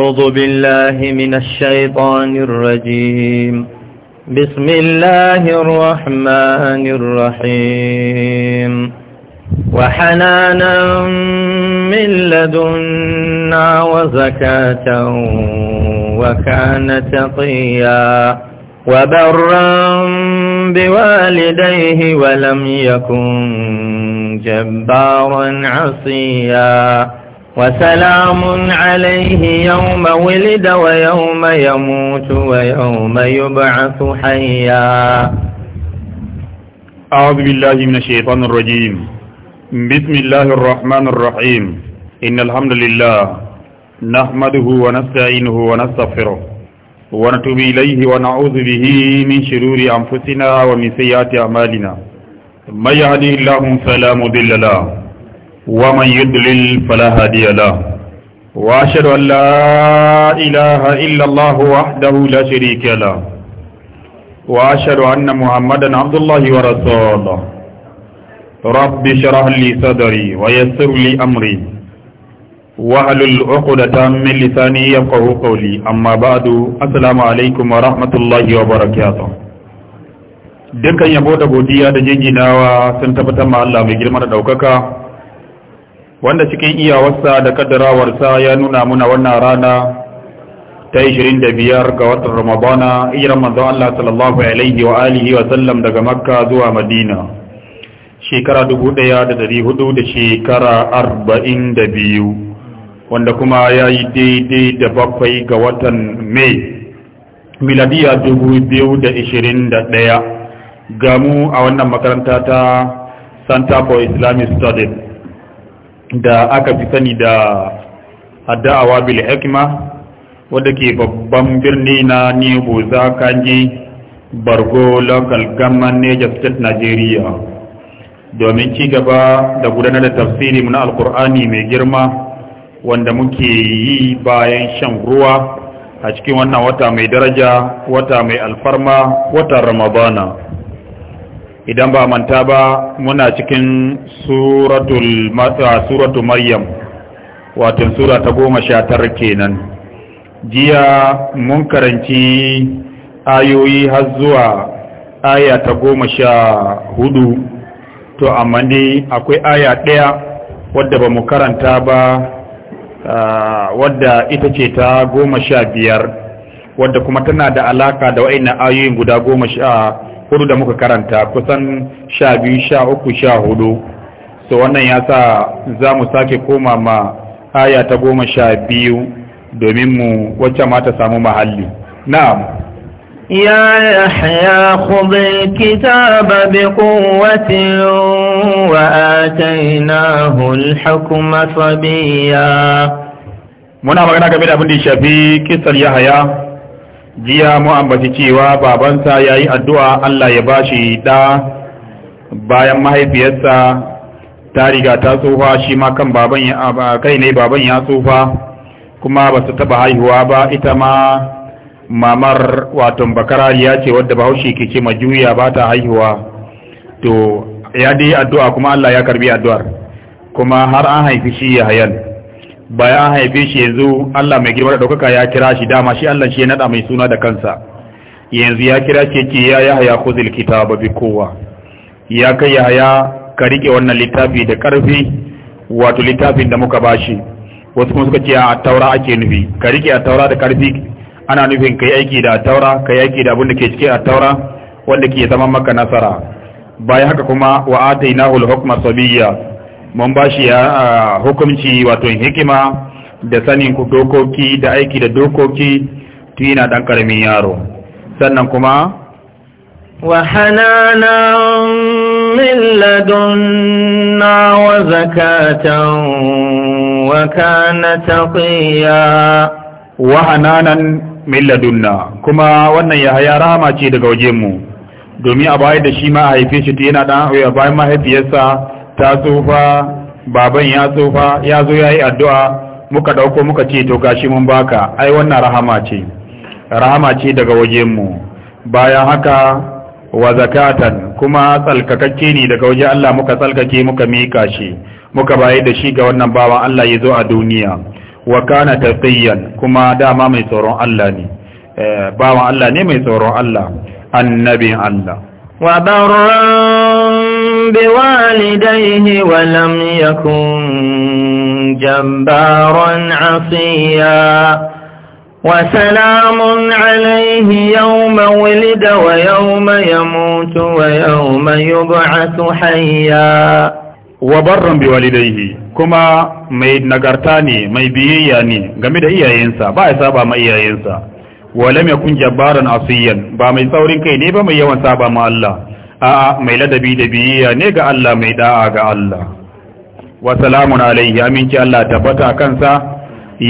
أعوذ بالله من الشيطان الرجيم بسم الله الرحمن الرحيم وحنانا من لدنا وزكاة وكان تقيا وبرا بوالديه ولم يكن جبارا عصيا وسلام عليه يوم ولد ويوم يموت ويوم يبعث حيا أعوذ بالله من الشيطان الرجيم بسم الله الرحمن الرحيم إن الحمد لله نحمده ونستعينه ونستغفره ونتوب إليه ونعوذ به من شرور أنفسنا ومن سيئات أعمالنا من يهده الله فلا مضل له ومن يدلل فلا هادي له وأشهد أن لا إله إلا الله وحده لا شريك له وأشهد أن محمدا عبد الله ورسوله رب شرح لي صدري ويسر لي أمري وأهل العقدة من لساني يفقه قولي أما بعد السلام عليكم ورحمة الله وبركاته dukkan yabo da godiya da jinjinawa sun tabbatar ma Allah mai girma da ɗaukaka wanda cikin iyawarsa da kaddarawarsa ya nuna muna wannan rana ta 25 ga watan Ramadana hijiran manzon Allah sallallahu alaihi wa alihi wa sallam daga Makka zuwa Madina shekara 1400 da shekara 42 wanda kuma ya yi daidai da bakwai ga watan Mai miladiya 2021 gamu a wannan makaranta ta Santa for Islamic Studies da aka fi sani da hadda'awa bil hikma wadda ke babban birni na nebo zakanji bargo local government state Nigeria domin ci gaba da gudanar da tafsiri na alkur'ani mai girma wanda muke yi bayan shan ruwa a cikin wannan wata mai daraja wata mai alfarma wata ramadana idan ba manta ba muna cikin suratul suratu maryam wato sura ta goma sha tara kenan jiya mun karanci ayoyi har zuwa aya ta goma sha hudu to amma dai akwai aya ɗaya wadda ba mu karanta ba wadda ita ce ta goma sha biyar wadda kuma tana da alaka da wa'in ayoyin guda goma sha hudu da muka karanta kusan sha biyu sha uku sha hudu so wannan ya sa za mu sake koma ma aya ta goma sha biyu domin mu wacce ma ta samu mahalli na'am يا يحيى خذ الكتاب بقوة وآتيناه الحكم صبيا muna magana game da abin da ya shafi kisar yahaya jiya mu cewa babansa ya yi addu'a Allah ya bashi ɗa bayan mahaifiyarsa ta riga ta tsufa shi ma kan baban ya kai ne baban ya tsufa kuma ba su taɓa haihuwa ba ita ma mamar wato ya ce wadda bahaushe ke ce ma juya ba ta haihuwa to ya dai addu'a kuma Allah ya karbi addu'ar kuma har an haifi shi ya hayan bayan haife shi yanzu Allah mai girma da ɗaukaka ya kira shi dama shi Allah shi ya naɗa mai suna da kansa yanzu ya kira shi ce ya haya Yahaya khuzil ba bi kowa ya kai ya haya ka riƙe wannan littafi da ƙarfi wato littafin da muka ba shi wasu kuma suka ce a taura ake nufi ka riƙe a taura da ƙarfi ana nufin ka yi aiki da taura ka yi aiki da abin da ke cike a taura wanda ke zama maka nasara bayan haka kuma wa'atai na hulhokma sabiyya mun ba shi ah, hukunci wato hikima da sanin ku dokoki da aiki da dokoki tun na ɗan ƙaramin yaro sannan kuma ladunna wa لدنا وزكاة وكان تقيا wahananan min ladunna kuma wannan yahaya rahama ce daga wajenmu domin a bayar da shi ma a haife shi yana dan a bayan mahaifiyarsa ta tsufa baban ya tsufa ya zo ya yi addu'a muka ɗauko muka ce to gashi mun baka ai wannan rahama ce rahama ce daga wajenmu bayan haka wa zakatan kuma tsalkakakke ne daga waje Allah muka tsalkake muka mika shi muka baye da shi ga wannan bawan Allah ya zo a duniya wa kana taqiyan kuma dama mai tsoron Allah ne eh, bawan Allah ne mai tsoron Allah annabi Allah wa بوالديه ولم يكن جبارا عصيا وسلام عليه يوم ولد ويوم يموت ويوم يبعث حيا وبرا بوالديه كما mai nagarta ne mai biyayya ne game da iyayensa ba ya saba ma iyayensa walam yakun jabbaran asiyan ba mai saurin kai ne ba mai yawan saba ma Allah a'a mai ladabi da biyayya ne ga Allah mai da'a ga Allah wa salamun alaihi aminci Allah tabbata kansa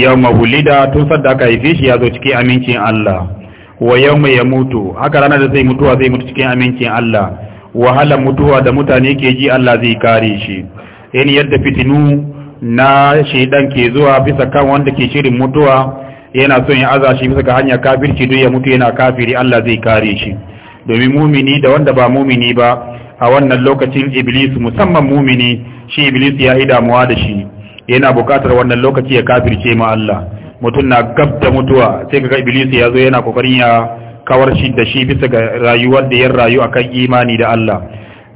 yawma hulida tun sadda aka haife shi ya zo cikin amincin Allah wa yawma ya mutu haka ranar da zai mutuwa zai mutu cikin amincin Allah wahala mutuwa da mutane ke ji Allah zai kare shi in yadda fitinu na shaidan ke zuwa bisa kan wanda ke shirin mutuwa yana son ya azashi, shi bisa ga hanya kafirci duk ya mutu yana kafiri Allah zai kare shi domin mumini da wanda ba mumini ba a wannan lokacin iblis musamman mumini shi iblis ya yi damuwa da shi yana bukatar wannan lokaci ya kafirce ma Allah mutum na gab da mutuwa sai kaga iblis ya zo yana kokarin ya kawar shi da shi bisa ga rayuwar da ya rayu a kan imani da Allah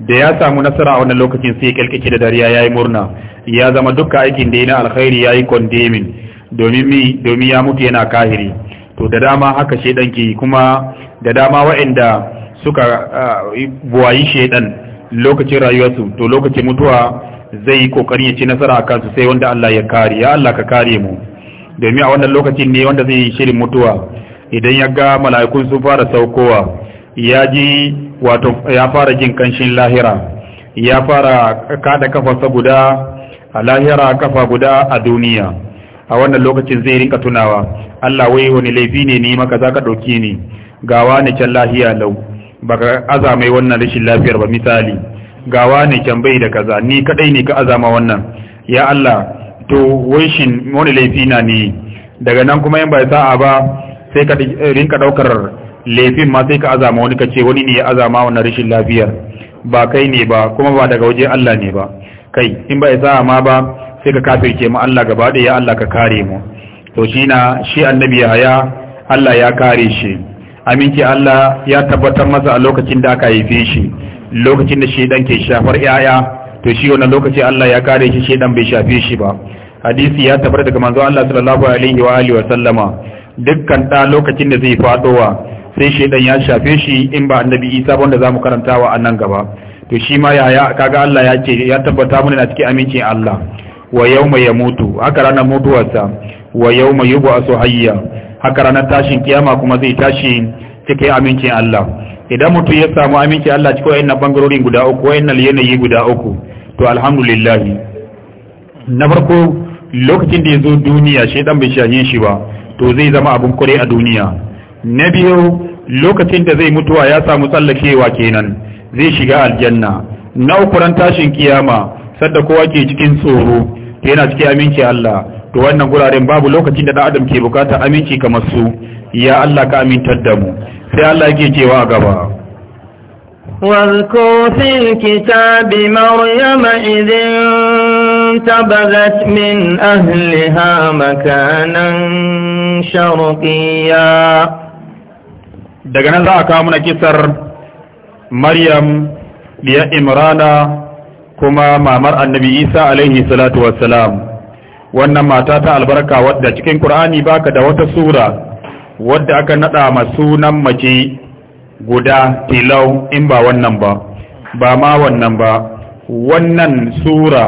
da ya samu nasara a wannan lokacin sai kalkake da dariya yayi murna ya zama dukkan aikin da yana alkhairi yayi condemning domin mi domin ya mutu yana kahiri to da dama haka ki kuma da dama waɗanda suka ah, buwayi shaidan lokacin rayuwarsu to lokacin mutuwa zai yi kokari ya ci nasara akan su sai wanda Allah ya kare ya Allah ka kare mu domin a wannan lokacin ne wanda zai yi shirin mutuwa idan ya ga mala'ikun sun fara saukowa ya ji wato ya fara jin kanshin lahira ya fara kada kafa guda a lahira kafa guda a duniya a wannan lokacin zai rinka tunawa Allah wai wani laifi ne ni maka zaka dauke ni gawa ne can lahiya lau ba ka azamai wannan rashin lafiyar ba misali ga ne can bai da kaza ni kadai ne ka azama wannan ya Allah to wanshin wani laifi na ne daga nan kuma yan bai sa'a ba sai ka eh, rinka daukar laifin ma sai ka azama wani kace wani ne ya azama wannan rashin lafiyar ba kai ne ba kuma ba daga waje Allah ne ba kai in bai sa'a ma ba sai ka kafirce mu Allah gaba da ya Allah ka kare mu to shi na shi annabi ya Allah ya kare shi aminci Allah ya tabbatar masa a lokacin da aka haife shi lokacin da shedan ke shafar yaya to shi wannan lokaci Allah ya kare shi shedan bai shafe shi ba hadisi ya tabbata daga manzo Allah sallallahu alaihi wa alihi wa sallama dukkan da lokacin da zai fadowa sai shedan ya shafe shi in ba annabi Isa ba wanda zamu karantawa a nan gaba to shi ma yaya kaga Allah ya ce ya tabbata mun na cikin amincin Allah wa yawma yamutu haka ranar mutuwarsa wa yawma yub'asu hayya haka ranar tashin kiyama kuma zai tashi cikin amincin Allah idan mutum ya samu aminci Allah cikin na bangarorin guda uku na yanayi guda uku to alhamdulillah na farko lokacin da ya zo duniya shi dan bai shahin shi ba to zai zama abun kure a duniya na biyu lokacin da zai mutuwa ya samu tsallakewa kenan zai shiga aljanna na uku ran tashin kiyama sadda kowa ke cikin tsoro yana cikin aminci Allah to wannan guraren babu lokacin da dan adam ke bukata aminci kamar su ya Allah ka amintar da mu sai Allah yake cewa a gaba واذكر في الكتاب مريم إذ انتبذت من أهلها مكانا شرقيا daga nan za a kawo mana kisar maryam biya imrana kuma mamar annabi isa alaihi salatu wassalam wannan mata ta albarka wadda cikin Qur'ani baka da wata sura wadda aka nada ma sunan mace guda tilau in ba wannan ba ba ma wannan ba wannan sura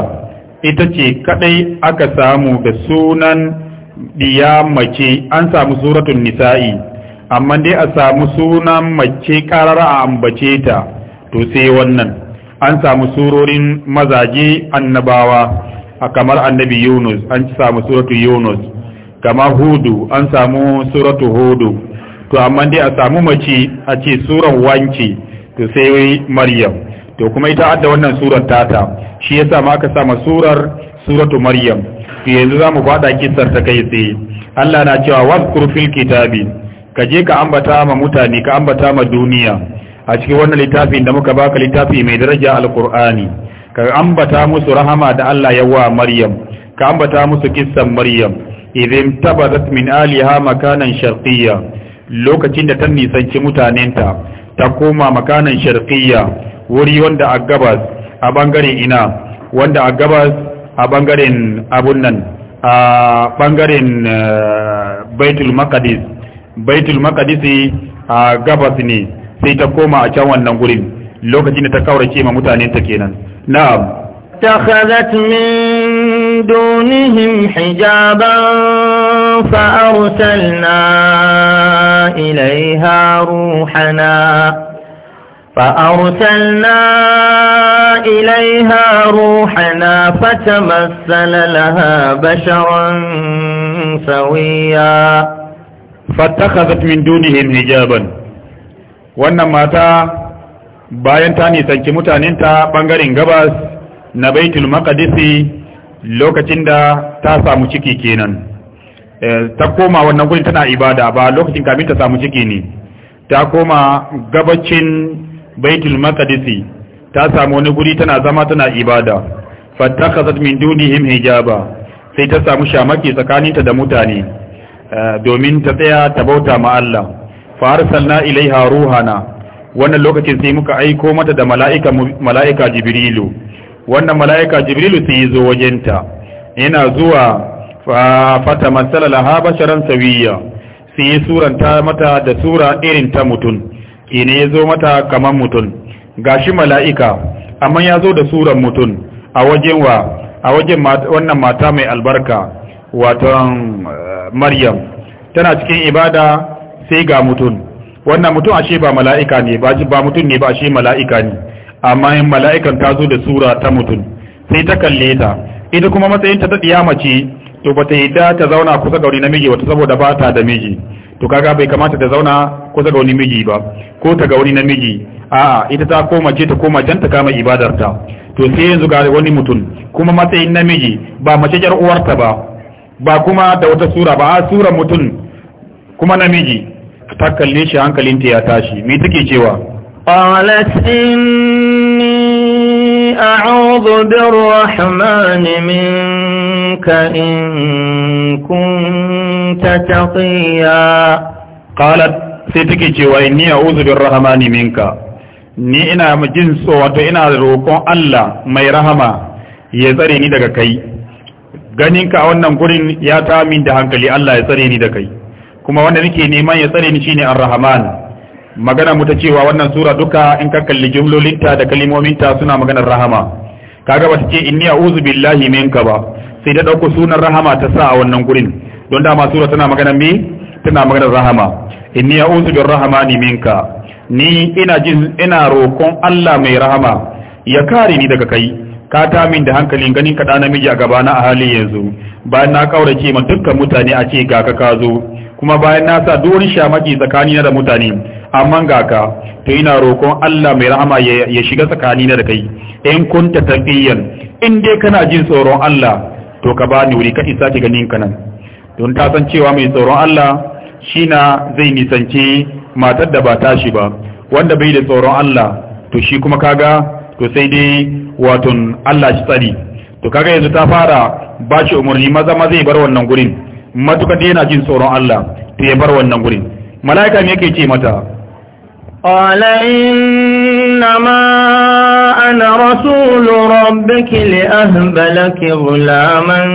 ita ce kadai aka samu da sunan diya mace an samu suratun nisa'i amma dai a samu sunan mace karara a ambace ta to sai wannan an samu surorin mazaje annabawa kamar annabi yunus an samu suratu yunus kama hudu an samu suratu hudu to amma dai a samu mace a ce suran wanci to sai maryam to kuma ita adda wannan surar tata shi yasa ma aka sama surar suratu maryam to yanzu za mu fada kisar ta kai tsaye Allah na cewa wazkur fil kitabi ka je ka ambata ma mutane ka ambata ma duniya a cikin wannan littafin da muka baka littafi mai daraja alqur'ani ka ambata musu rahama da Allah ya wa Maryam ka ambata musu kissan Maryam idan tabadat min aliha makanan sharqiyya lokacin da ta nisanci mutanenta ta koma makanan sharqiyya wuri wanda a gabas a bangaren ina wanda a gabas a bangaren abun nan a bangaren eh, baitul maqdis baitul maqdis a gabas ne sai ta koma a can wannan gurin lokacin da ta kaurace ma mutanenta kenan نعم اتخذت من دونهم حجابا فأرسلنا إليها روحنا فأرسلنا إليها روحنا فتمثل لها بشرا سويا فاتخذت من دونهم حجابا وانما تا bayan ta nisanci ta bangaren gabas na baitul maqdisi lokacin da ta samu ciki kenan eh, ta koma wannan gurin tana ibada ba lokacin kamin ta samu ciki ne ta koma gabacin baitul maqdisi ta samu wani guri tana zama tana ibada fattakhazat min dunihim hijaba sai ta samu shamaki tsakaninta da mutane eh, domin ta tsaya ta bauta ma Allah fa ilai ilaiha ruhana wannan lokacin sai muka aiko mata da mala'ika mala'ika jibrilu wannan mala'ika jibrilu sai zo wajenta yana zuwa fata masala laha basharan sawiya sai suranta mata da sura irin ta mutum ine yazo zo mata kaman mutun gashi mala'ika amma ya da suran mutun a wajen wa a wajen wannan mata mai albarka waton eh, maryam tana cikin ibada sai ga mutun. wannan mutum ashe ba mala'ika ne ba mutum ne ba ashe mala'ika ne amma in mala'ikan ta zo da sura ta mutum sai ta kalle ta ita kuma matsayin ta ta mace to ba ta yi da ta zauna kusa ga wani namiji wata saboda ba ta da miji to kaga bai kamata ta zauna kusa ga wani miji ba ko ta ga wani namiji a'a ita ta koma ce ta koma can ta kama ibadar ta to sai yanzu ga wani mutum kuma matsayin namiji ba mace jar uwarta ba ba kuma da wata sura ba a sura mutum kuma namiji ta kalle shi hankalinta ya tashi me take cewa qalat inni a'udhu birrahmani minka in kunta taqiya qalat sai take cewa inni a'udhu birrahmani minka ni ina so wato ina roƙon Allah mai rahama ya tsare ni daga kai ganinka a wannan gurin ya ta min da hankali Allah ya tsare ni da kai kuma wanda nake neman ya tsare ni shine ar-rahman magana mu ta cewa wannan sura duka in ka kalli jumlolinta da kalimominta suna maganar rahama kaga bata ce inni a'udhu billahi minka ba sai da dauko sunan rahama ta sa a wannan gurin don dama sura tana maganar me tana magana rahama inni a'udhu birrahmani minka ni ina jin ina roƙon Allah mai rahama ya kare ni daga kai ka ta min da hankalin ganin ka da namiji a gabana a halin yanzu bayan na kaurace ma dukkan mutane a ce ga ka ka zo kuma bayan na sa duk wani shamaki na da mutane amma ga ka to ina roƙon Allah mai rahama ya shiga tsakani na da kai in kunta taqiyan in dai kana jin tsoron Allah to ka bani wuri ka isa ki ganin kanan don ta san cewa mai tsoron Allah shi na zai nisanci matar da ba ta shi ba wanda bai da tsoron Allah to shi kuma kaga to sai dai wato Allah shi tsari to kaga yanzu ta fara ba shi umarni maza ma zai bar wannan gurin matukar yana jin tsoron Allah ta yi bar wannan gurin mala'ika ne yake ce mata na ma ana rasulu rabbiki li ahba laki ghulaman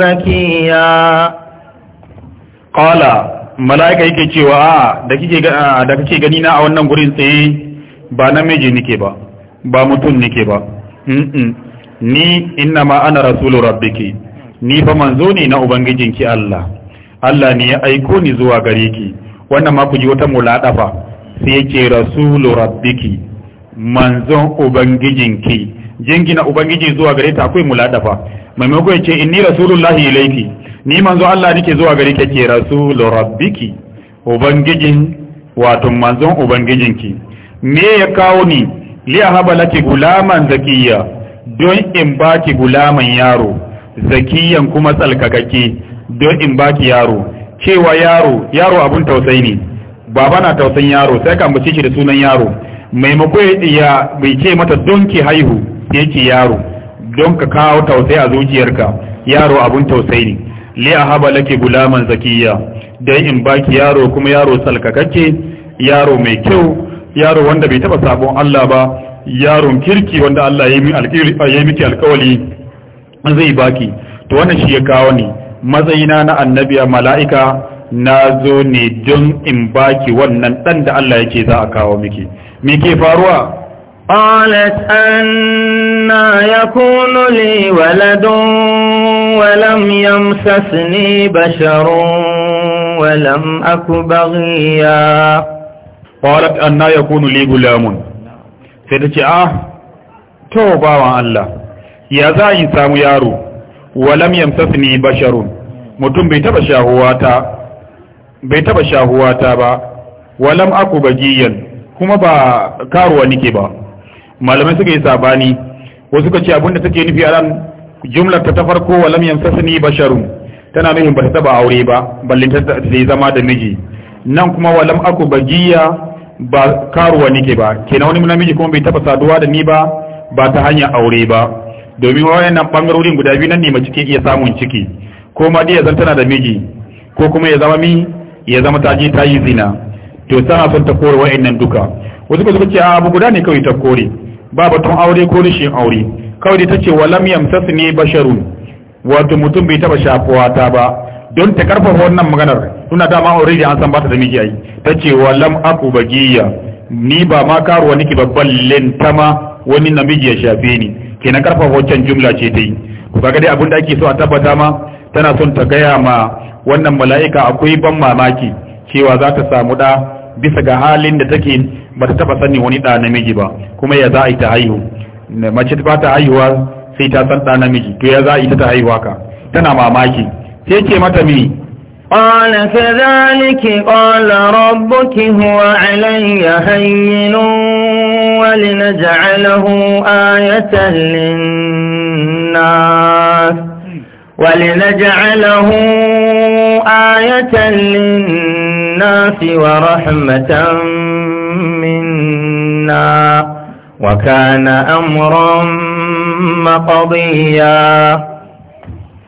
zakiya qala mala'ika yake cewa da kike da kike gani na a wannan gurin tsaye ba namiji nike ba ba mutum nike ba ni ma ana rasulu rabbiki ni fa manzo ne na ubangijinki Allah Allah ne ya aiko ni zuwa gare ki wannan ma ku ji wata fa? sai yake rasulu rabbiki manzon ubangijinki na ubangiji zuwa gare ta akwai fa. Maimakon yace inni rasulullahi ilayki ni manzo Allah nake zuwa gare ki ke rasulu rabbiki ubangijin wato manzon ubangijinki me ya kawo ni li ahaba laki gulaman zakiyya don in baki gulaman yaro zakiyan kuma tsalkakakke don in baki yaro cewa yaro yaro abun tausayi ne baba na tausayin yaro sai ka ambace shi da sunan yaro maimako ya bai ce mata don ki haihu yake yaro don ka kawo tausayi a zuciyarka yaro abun tausayi ne li ahaba laki gulaman zakiya dai in baki yaro kuma yaro salkakakke yaro mai kyau yaro wanda bai taba sabon Allah ba yaron kirki wanda Allah ya yi miki alkawali zai baki to wannan shi ya kawo ni matsayina na annabi a mala'ika na zo ne don in baki wannan ɗan da Allah yake za a kawo miki me ke faruwa قالت أنا يكون لي ولد ولم يمسسني بشر ولم أك بغيا قالت أنا يكون لي غلام سيدتي آه توبا Allah. ya za in samu yaro walam yamtasni basharun mutum bai taba shahuwata bai taba shahuwata ba walam aku bagiyan kuma ba karuwa nike ba malamai suka yi sabani wasu ka ce abinda take nufi a nan jumlar ta farko walam yamtasni basharun tana nufin ba ta taba aure ba ballin ta zama da miji nan kuma walam aku bagiya ba karuwa nike ba kenan wani namiji kuma bai taba saduwa da ni ba ba ta hanyar aure ba domin nan bangarorin guda biyu nan ne mace ke iya samun ciki ko ma dai ya zama tana da miji ko kuma ya zama mi ya zama ta je ta yi zina to tana son ta kore wayannan duka wasu suka ce abu guda ne kawai ta kore ba batun aure ko rishin aure kawai dai tace walam yamsas ne basharun wato mutum bai taba shafuwa ta ba don ta karfafa wannan maganar tuna dama already an san ba ta da miji ai tace lam aku bagiya ni ba ma karuwa niki babban lintama wani namiji ya shafe ni kenan karfa wancan jumla ce ta yi ku ga dai abin da ake so a tabbata ma tana son ta gaya ma wannan mala'ika akwai ban mamaki cewa za ta samu ɗa bisa ga halin da take ba ta taɓa sani wani ɗa namiji ba kuma ya za a yi ta haihu mace ba ta haihuwa sai ta san ɗa namiji to ya za a yi ta haihuwa ka tana mamaki sai ce mata mini. قال كذلك قال ربك هو علي هين ولنجعله آية للناس ولنجعله آية للناس ورحمة منا وكان أمرا مقضيا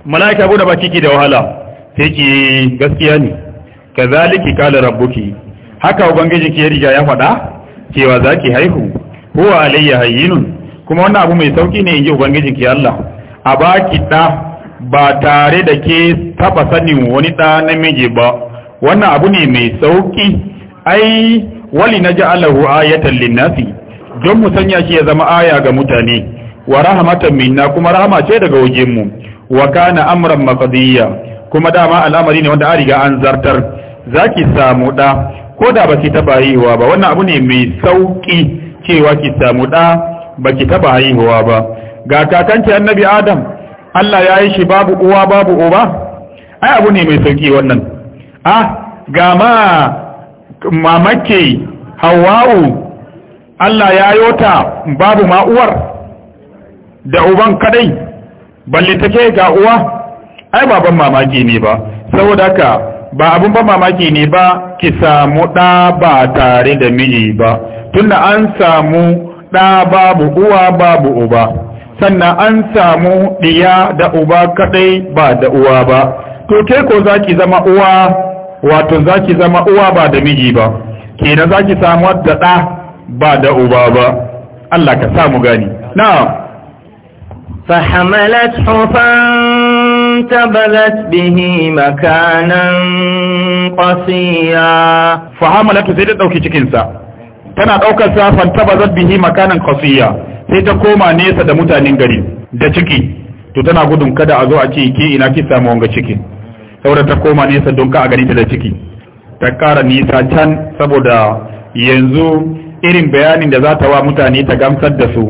ملائكة أبو نبا كيكي دي وهلا sai gaskiya ne kazaliki kala rabbuki haka ubangiji ki riga ya faɗa cewa zaki haihu huwa alayya hayyinun kuma wannan abu mai sauki ne inji ubangiji ki Allah a baki da ba tare da ke taba sanin wani da namiji ba wannan abu ne mai sauki ai wali naj'alahu ayatan linnasi don mu sanya shi ya zama aya ga mutane wa rahmatan minna kuma rahama ce daga wajenmu wa kana amran maqdiyya kuma dama al'amari ne wanda an riga an zartar zaki samu da ko da baki taba haihuwa ba wannan abu ne mai sauki cewa ki samu da baki taba haihuwa ba ga kakanki annabi adam Allah ya yi shi babu uwa babu uba ai abu ne mai sauki wannan ah ga ma mamake hawawu Allah ya yota babu ma uwar da uban kadai balle take ga uwa ai ba ban mamaki ne ba saboda haka ba abun ban mamaki ne ba ki samu ɗa ba tare da miji ba tunda an samu ɗa babu uwa babu uba sannan an samu ɗiya da uba kaɗai ba da uwa ba to ke ko za ki zama uwa wato za ki zama uwa ba da miji ba kenan za ki samu da ɗa ba da uba ba Allah ka samu gani na فحملته hufan فانتبذت به مكانا قصيا فحملته sai ta dauki cikin sa tana daukar sa fantabazat bihi makanan qasiya sai ta koma nesa da mutanen gari da ciki to tana gudun kada a zo a ce ki ina ki samu wanga ciki saboda ta koma nesa don ka a gari ta da ciki ta kara nisa can saboda yanzu irin bayanin da za ta wa mutane ta gamsar da su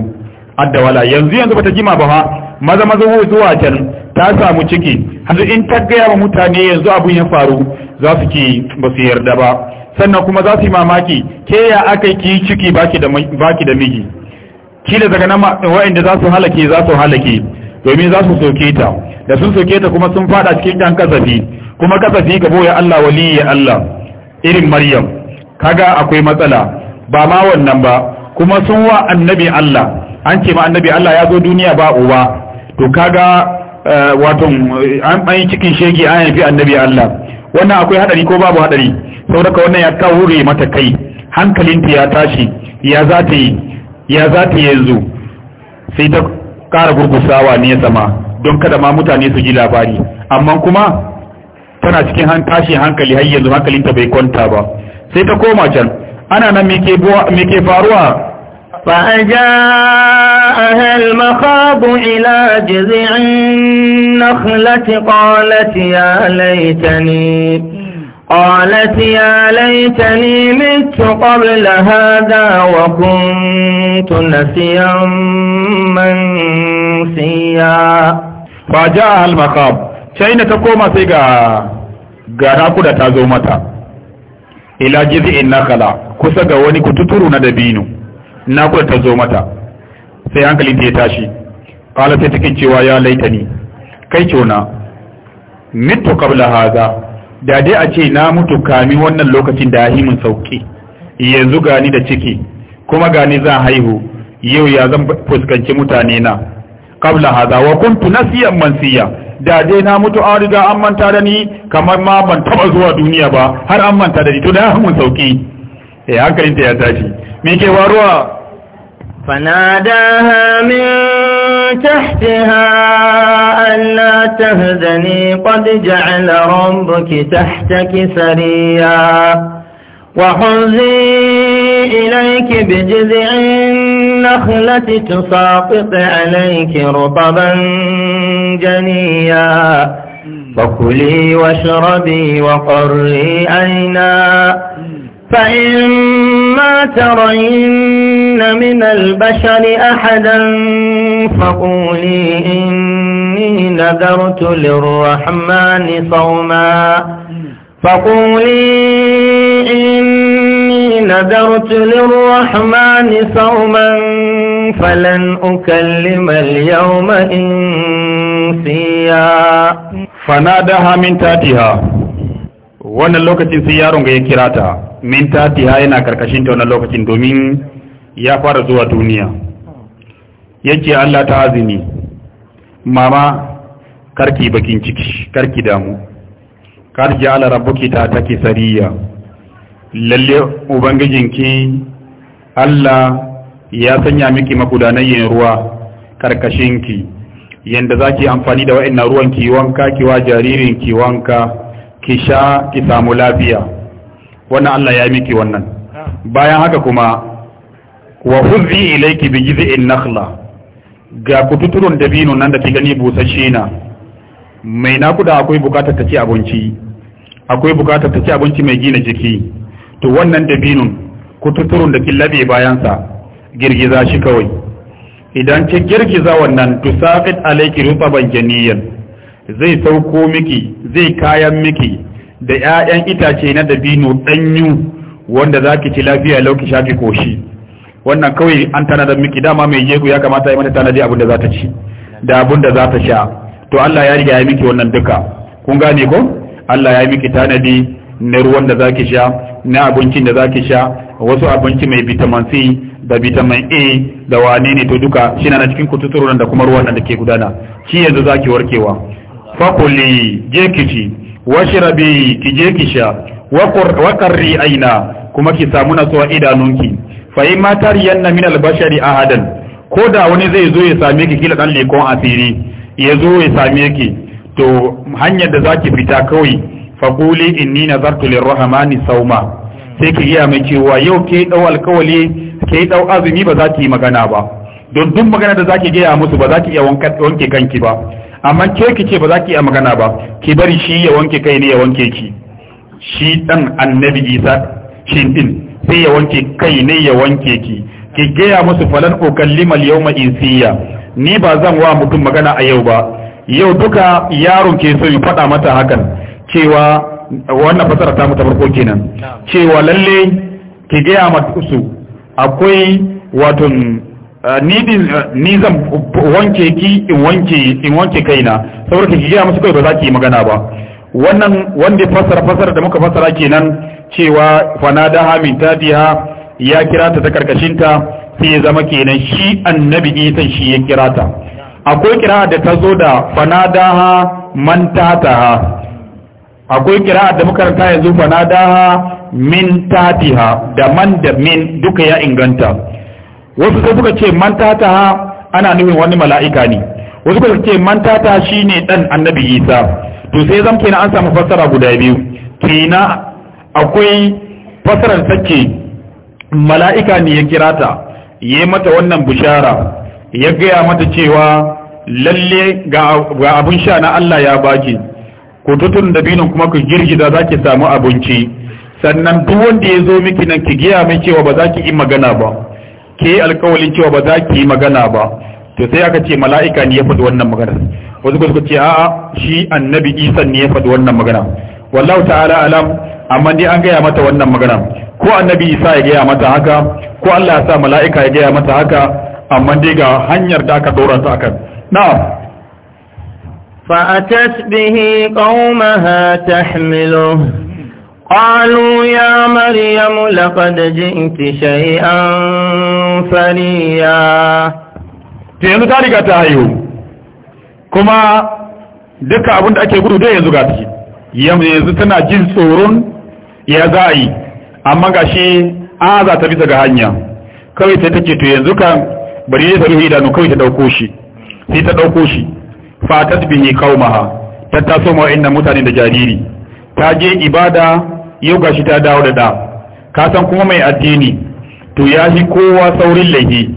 adda wala yanzu yanzu bata jima ba maza maza zuwa can ta samu ciki hanzu in ta gaya wa mutane yanzu abun ya faru za su ki ba su yarda ba sannan kuma za su yi mamaki ke ya aka yi ciki baki da ki da miji kila daga wa'inda wa'anda za su halake za su halake domin za su soke ta da sun soke ta kuma sun fada cikin dan kasafi kuma kasafi ga boye Allah wali ya Allah irin Maryam kaga akwai matsala ba ma wannan ba kuma sun wa annabi Allah an ce ma annabi Allah ya zo duniya ba uwa to kaga Eh, wato an bayi cikin shege an haifi annabi Allah wannan akwai hadari ko babu hadari saboda wannan ya kawo mata kai hankalinta ya tashi ya za ta yi ya za ta yanzu sai ta kara gurgusawa ne sama don kada ma mutane su ji labari amma kuma tana cikin han tashi hankali har yanzu hankalinta bai kwanta ba sai ta koma can ana nan me ke faruwa فأجاءها المخاض إلى جذع النخلة قالت يا ليتني قالت يا ليتني مت قبل هذا وكنت نسيا منسيا فجاء المخاض شاين تقوم سيغا غناكو دا تازو متى ila jizi'in nakala kusa ga wani kututuru na dabino naƙuda ta zo mata sai hankalin ta ya tashi kala sai take cewa ya laitani kai kyona mitu kabla haza da dai a ce na mutu kamin wannan lokacin da yi mun sauki yanzu gani da ciki kuma gani zan haihu yau ya zan fuskanci mutane na kabla haza wa kuntu nasiyan mansiya da dai na mutu an riga an manta da ni kamar ma ban taba zuwa duniya ba har an manta da ni to da mun sauki eh ta ya tashi ميكي وروا فناداها من تحتها ألا تهزني قد جعل ربك تحتك سريا وحزي إليك بجذع النخلة تساقط عليك رطبا جنيا فكلي واشربي وقري عينا فإن فما ترين من البشر أحدا فقولي إني نذرت للرحمن صوما فقولي إني نذرت للرحمن صوما فلن أكلم اليوم إنسيا فنادها من تاتها وانا لوكتي سيارة يكراتا min tatiha yana karkashin ta wannan lokacin domin ya fara zuwa duniya yake Allah ta azumi mama karki bakin ciki karki damu karki ala rabbuki ta take sariya lalle ubangijinki Allah ya sanya miki makudanan yin ruwa karkashinki yanda zaki amfani da wa'annan ruwan ki wanka ki wa jaririn ki wanka ki sha ki samu lafiya wannan Allah ya miki wannan bayan haka kuma wa huzzi ilayki bi jiz'in nakhla ga kututurun dabino nan da ki gani busasshe na mai nakuda akwai bukatar ta ci abinci akwai bukatar ta ci abinci mai gina jiki to wannan ku kututurun da kin labe bayansa girgiza shi kawai idan ki girgiza wannan tusaqit alayki rubaban janiyan zai sauko miki zai kayan miki da 'ya'yan itace na dabino ɗanyu wanda za ki ci lafiya lauki shafi koshi wannan kawai an tanadar miki dama mai jego ya kamata ya mata tanadi abin da za ta ci da abin da za ta sha to Allah ya riga ya miki wannan duka kun gane ko Allah ya miki tanadi na ruwan da za ki sha na abincin da za ki sha wasu abinci mai vitamin C da vitamin A da wane ne to duka shi na cikin kututuru da kuma ruwan da ke gudana shi yanzu za ki warkewa fakuli je ki ci washrabi ki je ki sha wa qarri aina kuma ki samu natsuwa idanunki fa in ma tariyanna min al-bashari ahadan ko da wani zai zo ya same ki kila dan lekon asiri ya zo ya same ki to hanyar da zaki fita kawai quli inni nazartu lirrahmani sauma sai ki yi mai cewa yau ke dau alkawali ke dau azumi ba za ki magana ba don duk magana da zaki gaya musu ba za ki iya wanke kanki ba amma ke ki ce ba za ki iya magana ba ki bari shi ya wanke kai ne ya wanke ki shi dan annabi isa shi din sai ya wanke kai ne ya wanke ki ki gaya musu falan ukallimal yawma insiya ni ba zan wa mutum magana a yau ba yau duka yaron ke so ya faɗa mata hakan cewa wannan fasara ta mu ta farko kenan cewa lalle ki gaya musu akwai wato Ah, ah, ni zan wanke ki in wanke in wanke kaina saboda ki gina musu kai ba za ki yi magana ba wannan wanda fasara-fasara da muka fasara kenan cewa fanada ha min tadiha ya kira ta ta karkashinta sai ya zama kenan shi annabi isa shi ya kira ta akwai kira da ta zo da fanada ha man tataha akwai kira da muka karanta yanzu fanada ha min tadiha da man da min duka ya inganta wasu sai suka ce mantata ana nufin wani mala'ika ne wasu suka ce mantata shine dan annabi Isa to sai zan kenan an samu fassara guda biyu kenan akwai fassarar take mala'ika ne ya kira ta ya mata wannan bishara ya gaya mata cewa lalle ga abin sha na Allah ya baki ku tutun dabinin kuma ku girgida za ki samu abinci sannan duk wanda ya zo miki nan ki gaya mai cewa ba za ki yi magana ba ke alkawalin cewa ba za ki yi magana ba to sai aka ce mala'ika ne ya faɗi wannan magana wasu suka ce a'a shi annabi isa ne ya faɗi wannan magana wallahu ta'ala alam amma dai an gaya mata wannan magana ko annabi isa ya gaya mata haka ko Allah ya sa mala'ika ya gaya mata haka amma dai ga hanyar da aka dora su akan na'am fa'atat bihi qaumaha tahmiluhu قالوا يا مريم لقد جئت شيئا فريا yanzu ta riga ta haihu kuma duka abinda ake gudu dai yanzu ga ciki yanzu tana jin tsoron ya za a yi amma ga shi an za ta bisa ga hanya kawai ta take to yanzu kan bari ne ta rufe idanu kawai ta ɗauko shi sai ta ɗauko shi fatat bihi qaumaha ta taso ma wa'annan mutane da jariri ta je ibada yau gashi ta dawo da da ka san kuma mai addini to ya shi kowa saurin laifi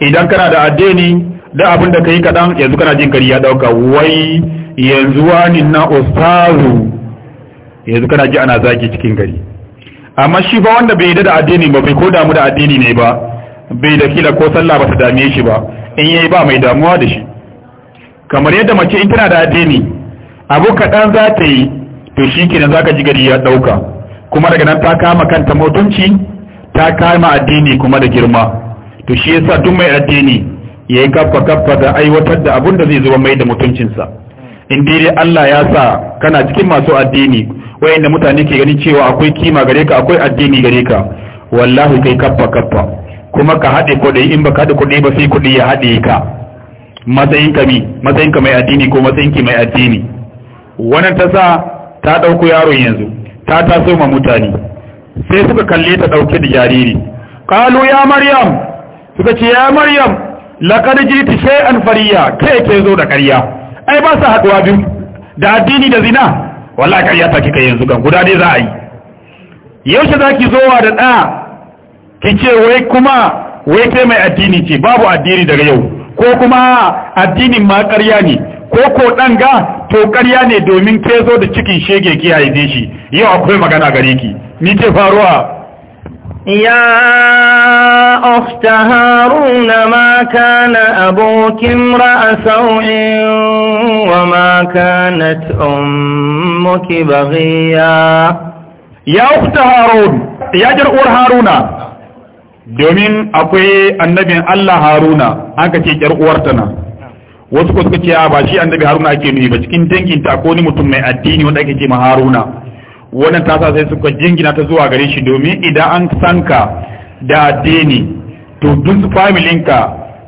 idan kana da addini da abin da kai kaɗan yanzu kana jin gari ya ɗauka wai yanzu wani na ustazu yanzu kana ji ana zaki cikin gari amma shi fa wanda bai da addini ba bai ko damu da addini ne ba bai da kila ko sallah ba ta dame shi ba in yayi ba mai damuwa da shi kamar yadda mace in tana da addini abu kaɗan za ta yi to shi kenan zaka ji gari ya ɗauka kuma daga nan ta kama kanta mutunci ta kama addini kuma da girma to shi yasa duk mai addini ya yi kaffa kaffa da aiwatar da abun da zai zuba mai da mutuncinsa in dai Allah ya sa kana cikin masu addini wayanda mutane ke ganin cewa akwai kima gare ka akwai addini gare ka wallahi kai kaffa kaffa kuma ka haɗe kuɗi in baka haɗe kuɗi ba sai kuɗi ya haɗe ka matsayin matsayin ka mai addini ko matsayin ki mai addini wannan ta sa ta ɗauko yaron yanzu ta taso ma mutane sai suka kalle ta ɗauke da jariri kalu ya maryam suka ce ya maryam laqad jiti shay'an fariya ke ke zo da ƙarya ai ba su haɗuwa biyu da addini da zina wallahi ƙarya ta kika yanzu kan guda ne za a yi yaushe zaki zowa da ɗa ki ce wai kuma wai kai mai addini ce babu addini daga yau ko kuma addinin ma ƙarya ne ko ko ɗan ga to ƙarya ne domin ke zo da cikin shege ki yi shi yau akwai magana gare ki ni ce faruwa ya أخت na ما كان abokin امرأ maka na كانت أمك بغيا Ya أخت Harun, ya جرؤور Haruna, domin akwai annabin Allah Haruna ka ce jar'uwar uwarta na wasu ko suka ce a ba shi annabi haruna ake nuni ba cikin dangin ta ko ni mutum mai addini wanda ake ce ma haruna wannan ta sa sai suka jingina ta zuwa gare shi domin idan an san ka da addini to duk familinka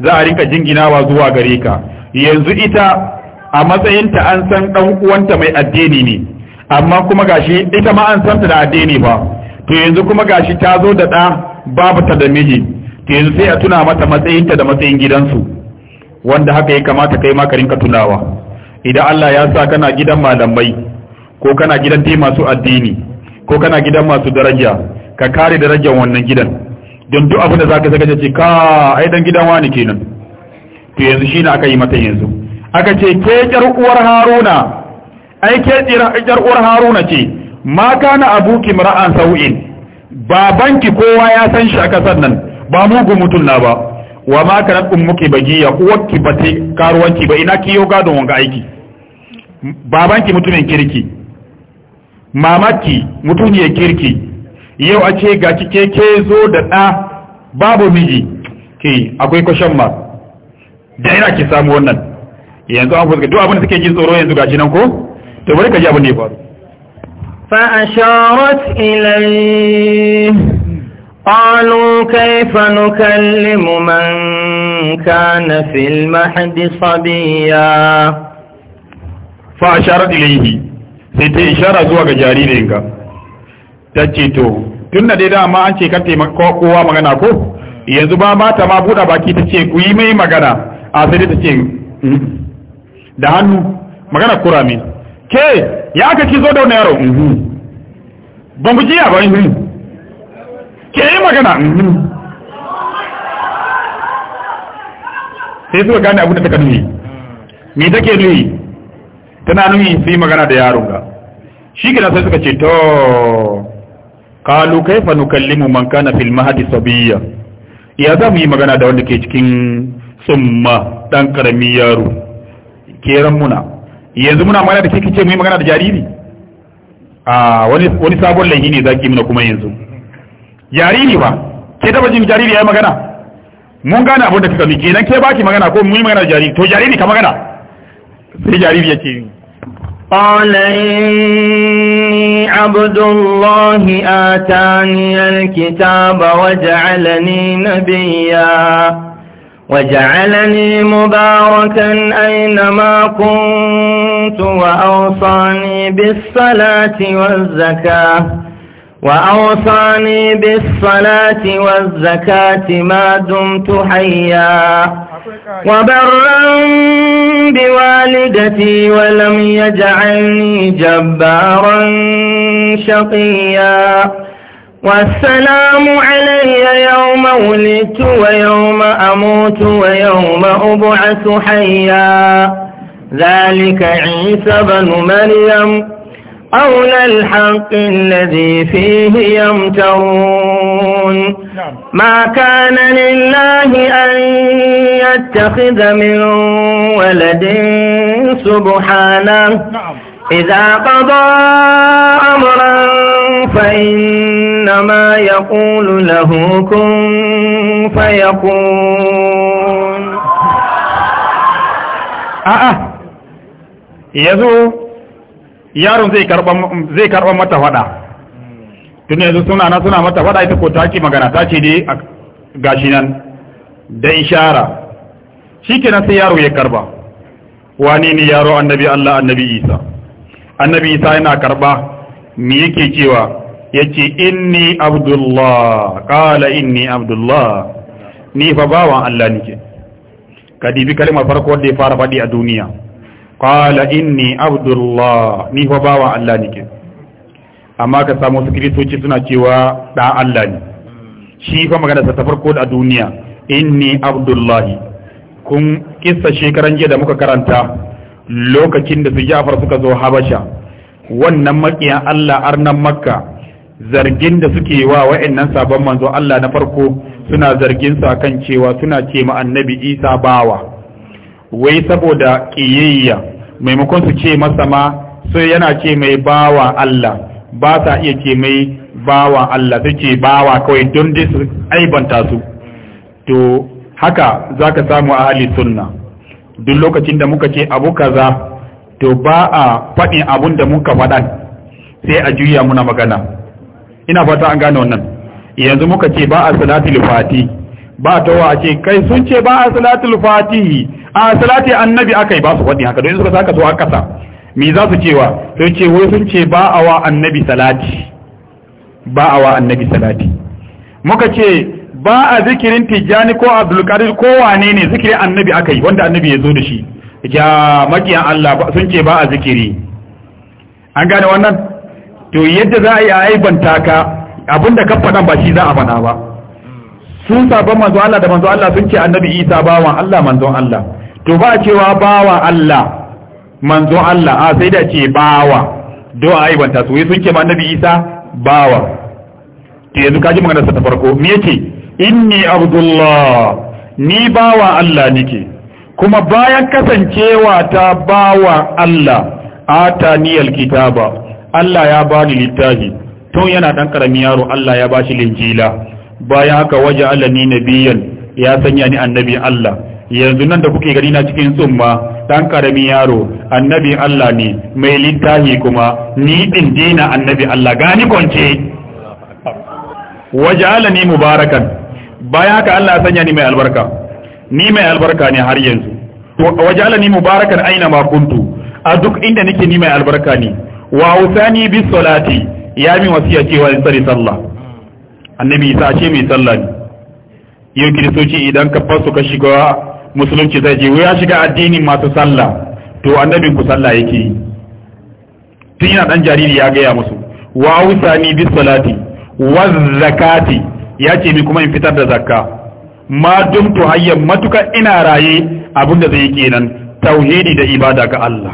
za a rinka jinginawa zuwa gare ka yanzu ita a matsayinta an san dan uwanta mai addini ne amma kuma gashi ita ma an san ta da addini ba to yanzu kuma gashi ta zo da da babu ta da miji to yanzu sai a tuna mata matsayinta da matsayin gidansu wanda haka ya kamata kai ma ka rinka tunawa idan Allah ya sa kana gidan malamai ko kana gidan dai masu addini ko kana gidan masu daraja ka kare darajar wannan gidan don duk abin da zaka saka ce ka ai dan gidan wani kenan to yanzu shine aka yi mata yanzu aka ce ke jar uwar Haruna ai ke jar uwar Haruna ce ma kana abuki mar'an sau'in babanki kowa ya san shi a kasar nan ba mugun mutum na ba wa ma kanat ummuki bagiya uwarki ba ta karuwanci ba ina kiyo gadon wanga aiki babanki mutumin kirki mamaki mutumin kirki yau a ce ga kike ke zo da da babu miji ke akwai kwashen ma da ina ki samu wannan yanzu an fuska duk abin da suke jin tsoro yanzu gashi nan ko to bari ka ji abin da ya faru fa asharat ilayhi قالوا كيف نكلم من كان في المحد صبيا فأشارت اليه سيتي إشارة زوغ جاريرينك تجيتو tunda dai dama an ce kar ko kowa magana ko yanzu ba mata ma buɗa baki ta ce ku yi mai magana a sai ta ce da hannu magana kurame ke ya aka ci zo da wani yaro ban ku jiya ba ke yi magana sai suka gane abu da take nuhi me take nuhi tana nuhi sai magana da yaron ga shi gina sai suka ce to qalu kayfa nukallimu man kana fil mahdi sabiyya ya za mu yi magana da wanda ke cikin summa dan karami yaro keran muna yanzu muna magana da kike ce mu yi magana da jariri a ah, wani sabon laihi ne zaki muna kuma yanzu jariri ba ke taba jin jariri yayi magana mun gane abin da kika mi kenan ke baki magana ko mun yi magana da jariri to jariri ka magana sai jariri ya ce قال إني عبد الله آتاني الكتاب وجعلني نبيا وجعلني مباركا أينما كنت وأوصاني بالصلاة والزكاة وأوصاني بالصلاة والزكاة ما دمت حيا وبرا بوالدتي ولم يجعلني جبارا شقيا والسلام علي يوم ولدت ويوم أموت ويوم أبعث حيا ذلك عيسى بن مريم أولى الحق الذي فيه يمترون نعم. ما كان لله أن يتخذ من ولد سبحانه نعم. إذا قضى أمرا فإنما يقول له كن فيكون آه, آه. يذوب yaron zai karɓa zai mata faɗa. tun yanzu suna na suna mata faɗa ita ko ta ce magana ta ce dai gashi nan da ishara shikenan sai yaro ya karɓa. wani ne yaro annabi Allah annabi Isa annabi Isa yana karɓa. me yake cewa Ya in inni abdullah in inni abdullah ni fa bawan Allah nike kadibi kalmar farko wanda ya fara faɗi a duniya qala inni abdullah ni fa bawa Allah nake amma ka samu su kiristoci suna cewa da Allah ne shi fa magana ta farko a duniya inni abdullahi kun kissa shekaran jiya da muka karanta lokacin da su Ja'far suka zo Habasha wannan makiya Allah arnan Makka zargin da suke wa wa'annan sabon manzo Allah na farko suna zargin su kan cewa suna ce ma annabi Isa bawa wai saboda ƙiyayya maimakon su ce masa ma sai yana ce mai bawa Allah ba sa iya ce mai bawa Allah sai ce bawa kawai don dai su aibanta su to haka zaka samu a ahli sunna duk lokacin da muka ce abu kaza to ba a faɗin abun da muka faɗan sai a juya muna magana ina fata an gane wannan yanzu muka ce ba a salatul fati ba tawa a ce kai sun ce ba a salatul fatihi a salati annabi aka yi ba su wani haka don suka saka zo aka sa me za su cewa sai ce wai sun ce ba a wa annabi salati ba a wa annabi salati muka ce ba a zikirin tijjani ko qadir ko wane ne zikirin annabi aka yi wanda annabi ya zo da shi ja makiya Allah sun ce ba a zikiri an gane wannan to yadda za a yi aibanta ka abinda ka faɗan ba shi za a faɗa ba sun sabon manzo Allah da manzo Allah sun ce annabi Isa bawan Allah manzon Allah to ba cewa bawa Allah manzo Allah a sai da ce bawa do a aibanta su sun ke ma Isa bawa to yanzu kaji maganar sa ta farko me yake inni abdullah ni bawa Allah nike kuma bayan kasancewa ta bawa Allah atani kitaba, Allah ya bani littafi tun yana dan karami yaro Allah ya bashi linjila bayan haka waje ni nabiyan ya sanya ni annabi Allah yanzu nan da kuke gani na cikin tsumma dan karami yaro annabi Allah ne mai littahi kuma ni din dina annabi Allah gani kwance waj'alani mubarakan bayan ka Allah ya sanya ni mai albarka ni mai albarka ne har yanzu waj'alani mubarakan aina ma kuntu a duk inda nake ni mai albarka ne wa usani bis salati ya min wasiya cewa in sari sallah annabi isa ce mai sallah ne yau kiristoci idan ka fasu ka shiga musulunci zai je ya shiga addinin masu sallah to annabin ku sallah yake yi tun yana dan jariri ya gaya musu wa usani bis salati wa zakati ya ce ni kuma in fitar da zakka ma to hayyan matuka ina raye abinda zai kenan tauhidi da ibada ga Allah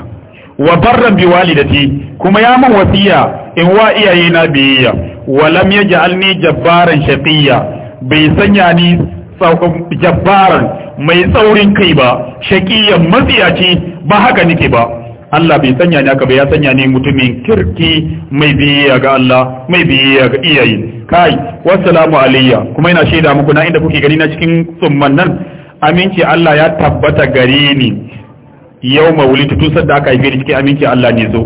wa barran bi walidati kuma ya man wasiya in wa iyaye na biyayya wa lam yaj'alni jabbaran shaqiyya bai sanya ni jabbaran mai tsaurin kai ba shaƙiyan matsiyaci ba haka nake ba Allah bai sanya ni aka ba ya sanya ni mutumin kirki mai biyayya ga Allah mai biyayya ga iyaye kai wassalamu alayya kuma ina shaida muku na inda kuke gani na cikin tsumman nan aminci Allah ya tabbata gare ni yau maulidi tun sanda aka haife ni cikin aminci Allah ne zo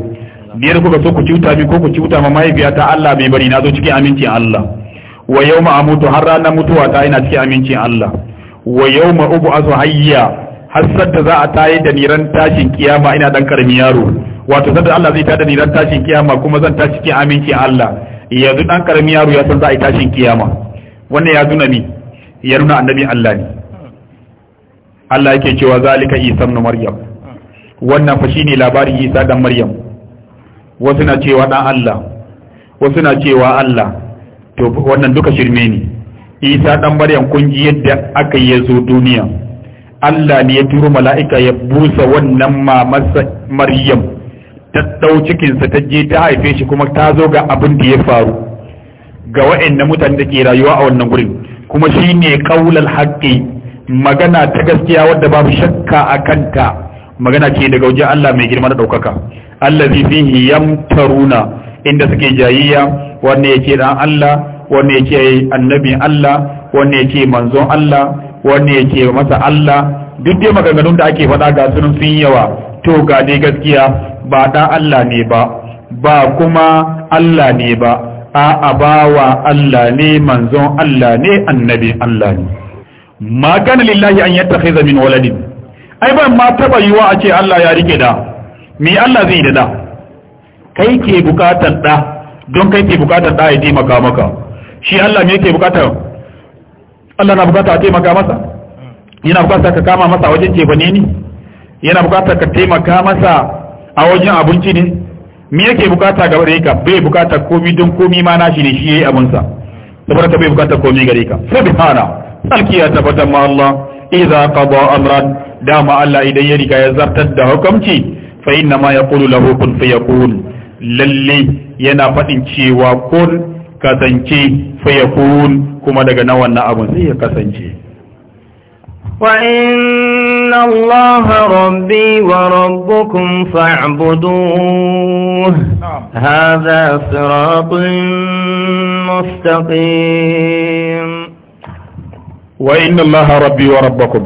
biyar kuka so ku ciuta min ko ku ciuta ma mahaifiyata Allah bai bari na zo cikin aminci Allah wa yawma amutu har ranar mutuwa ta ina cikin amincin Allah wa yawma ub'azu hayya har da za a tayi da niran tashin kiyama ina dan karmi yaro wato sadda Allah zai tada niran tashin kiyama kuma zan tashi cikin amincin Allah yanzu dan karmi yaro ya san za a yi tashin kiyama wannan ya nuna ni ya nuna annabi Allah ne Allah yake cewa zalika Isa ibn Maryam wannan fa shine labarin Isa dan Maryam wasu na cewa dan Allah wasu na cewa Allah to wannan duka shirme ne isa dan maryam kun ji yadda aka yi zo duniya Allah ne ya turo mala'ika ya busa wannan mamarsa maryam ta ɗau cikinsa ta je ta haife shi kuma ta zo ga abin da ya faru ga wa'annan mutane da ke rayuwa a wannan gurin kuma shi ne kaulal haƙƙi magana ta gaskiya wadda babu shakka a kanta magana ce daga wajen Allah mai girma da ɗaukaka allazi fihi yamtaruna inda suke jayayya wanne yake dan Allah wanne yake annabi Allah wanne yake manzon Allah wanne yake masa Allah duk dai maganganun da ake faɗa ga sunan sun yawa to ga dai gaskiya ba dan Allah ne ba ba kuma Allah ne ba a'a bawa Allah ne manzon Allah ne annabi Allah ne ma kana lillahi an yattakhidha min waladin ai ban ma taba yiwa a ce Allah ya rike da me Allah zai da da kai ke bukatar ɗa don kai ke bukatar ɗa ya taimaka maka shi Allah me yake bukatar Allah na bukatar a taimaka masa yana bukatar ka kama masa wajen cefane ne yana bukatar ka taimaka masa a wajen abinci ne me yake bukata ga gare ka bai bukata komi don komi ma shi ne shi yayi sa. saboda ka bai bukata komi gare ka subhana sarki ya tabbatar ma Allah idza qada amran dama Allah idan ya riga ya zartar da hukunci fa inna ma yaqulu lahu kun fayakun lalle yana faɗin cewa kun kasance faya kun kuma daga na wannan abin sai ya kasance. Wa inna Allah rabbi wa rabbukum fa'budu hadha siratun mustaƙin. Wa inna Allah rabbi wa rabbukum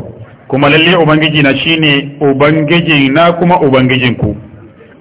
kuma lalle ubangiji na shine ubangiji na kuma ubangijinku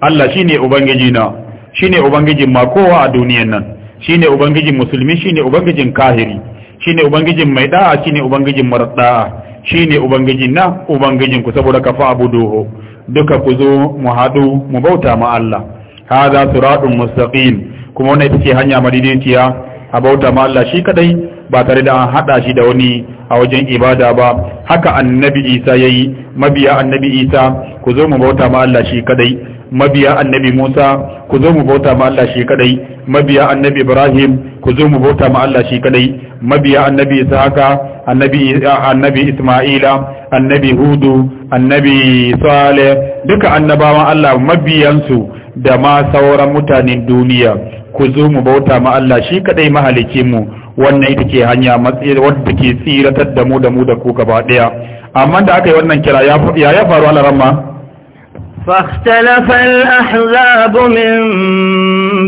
Allah shi ne ubangiji na shine ubangijin makowa a duniyan nan shine ubangijin musulmi shine ubangijin kahiri shine ubangijin mai da'a shine ubangijin marar da'a shine ubangijin na ubangijin ku saboda ka fa abuduhu duka ku zo mu haɗu mu bauta ma Allah hadha siratun mustaqim kuma wannan ita ce hanya madidiciya a bauta ma Allah shi kadai ba tare da an hada shi da wani a wajen ibada ba haka annabi Isa yayi mabiya annabi Isa ku zo mu bauta ma Allah shi kadai mabiya annabi Musa ku zo mu bauta ma Allah shi kadai mabiya annabi Ibrahim ku zo mu bauta ma Allah shi kadai mabiya annabi Ishaqa annabi annabi Isma'ila annabi Hudu annabi Saleh duka annabawan Allah mabiyansu da ma sauran mutanen duniya ku zo mu bauta ma Allah shi kadai mahalicci mu wannan ita ke hanya wadda ke tsiratar da mu da mu da ku gaba daya amma da aka yi wannan kira ya ya faru ramma. فاختلف الأحزاب من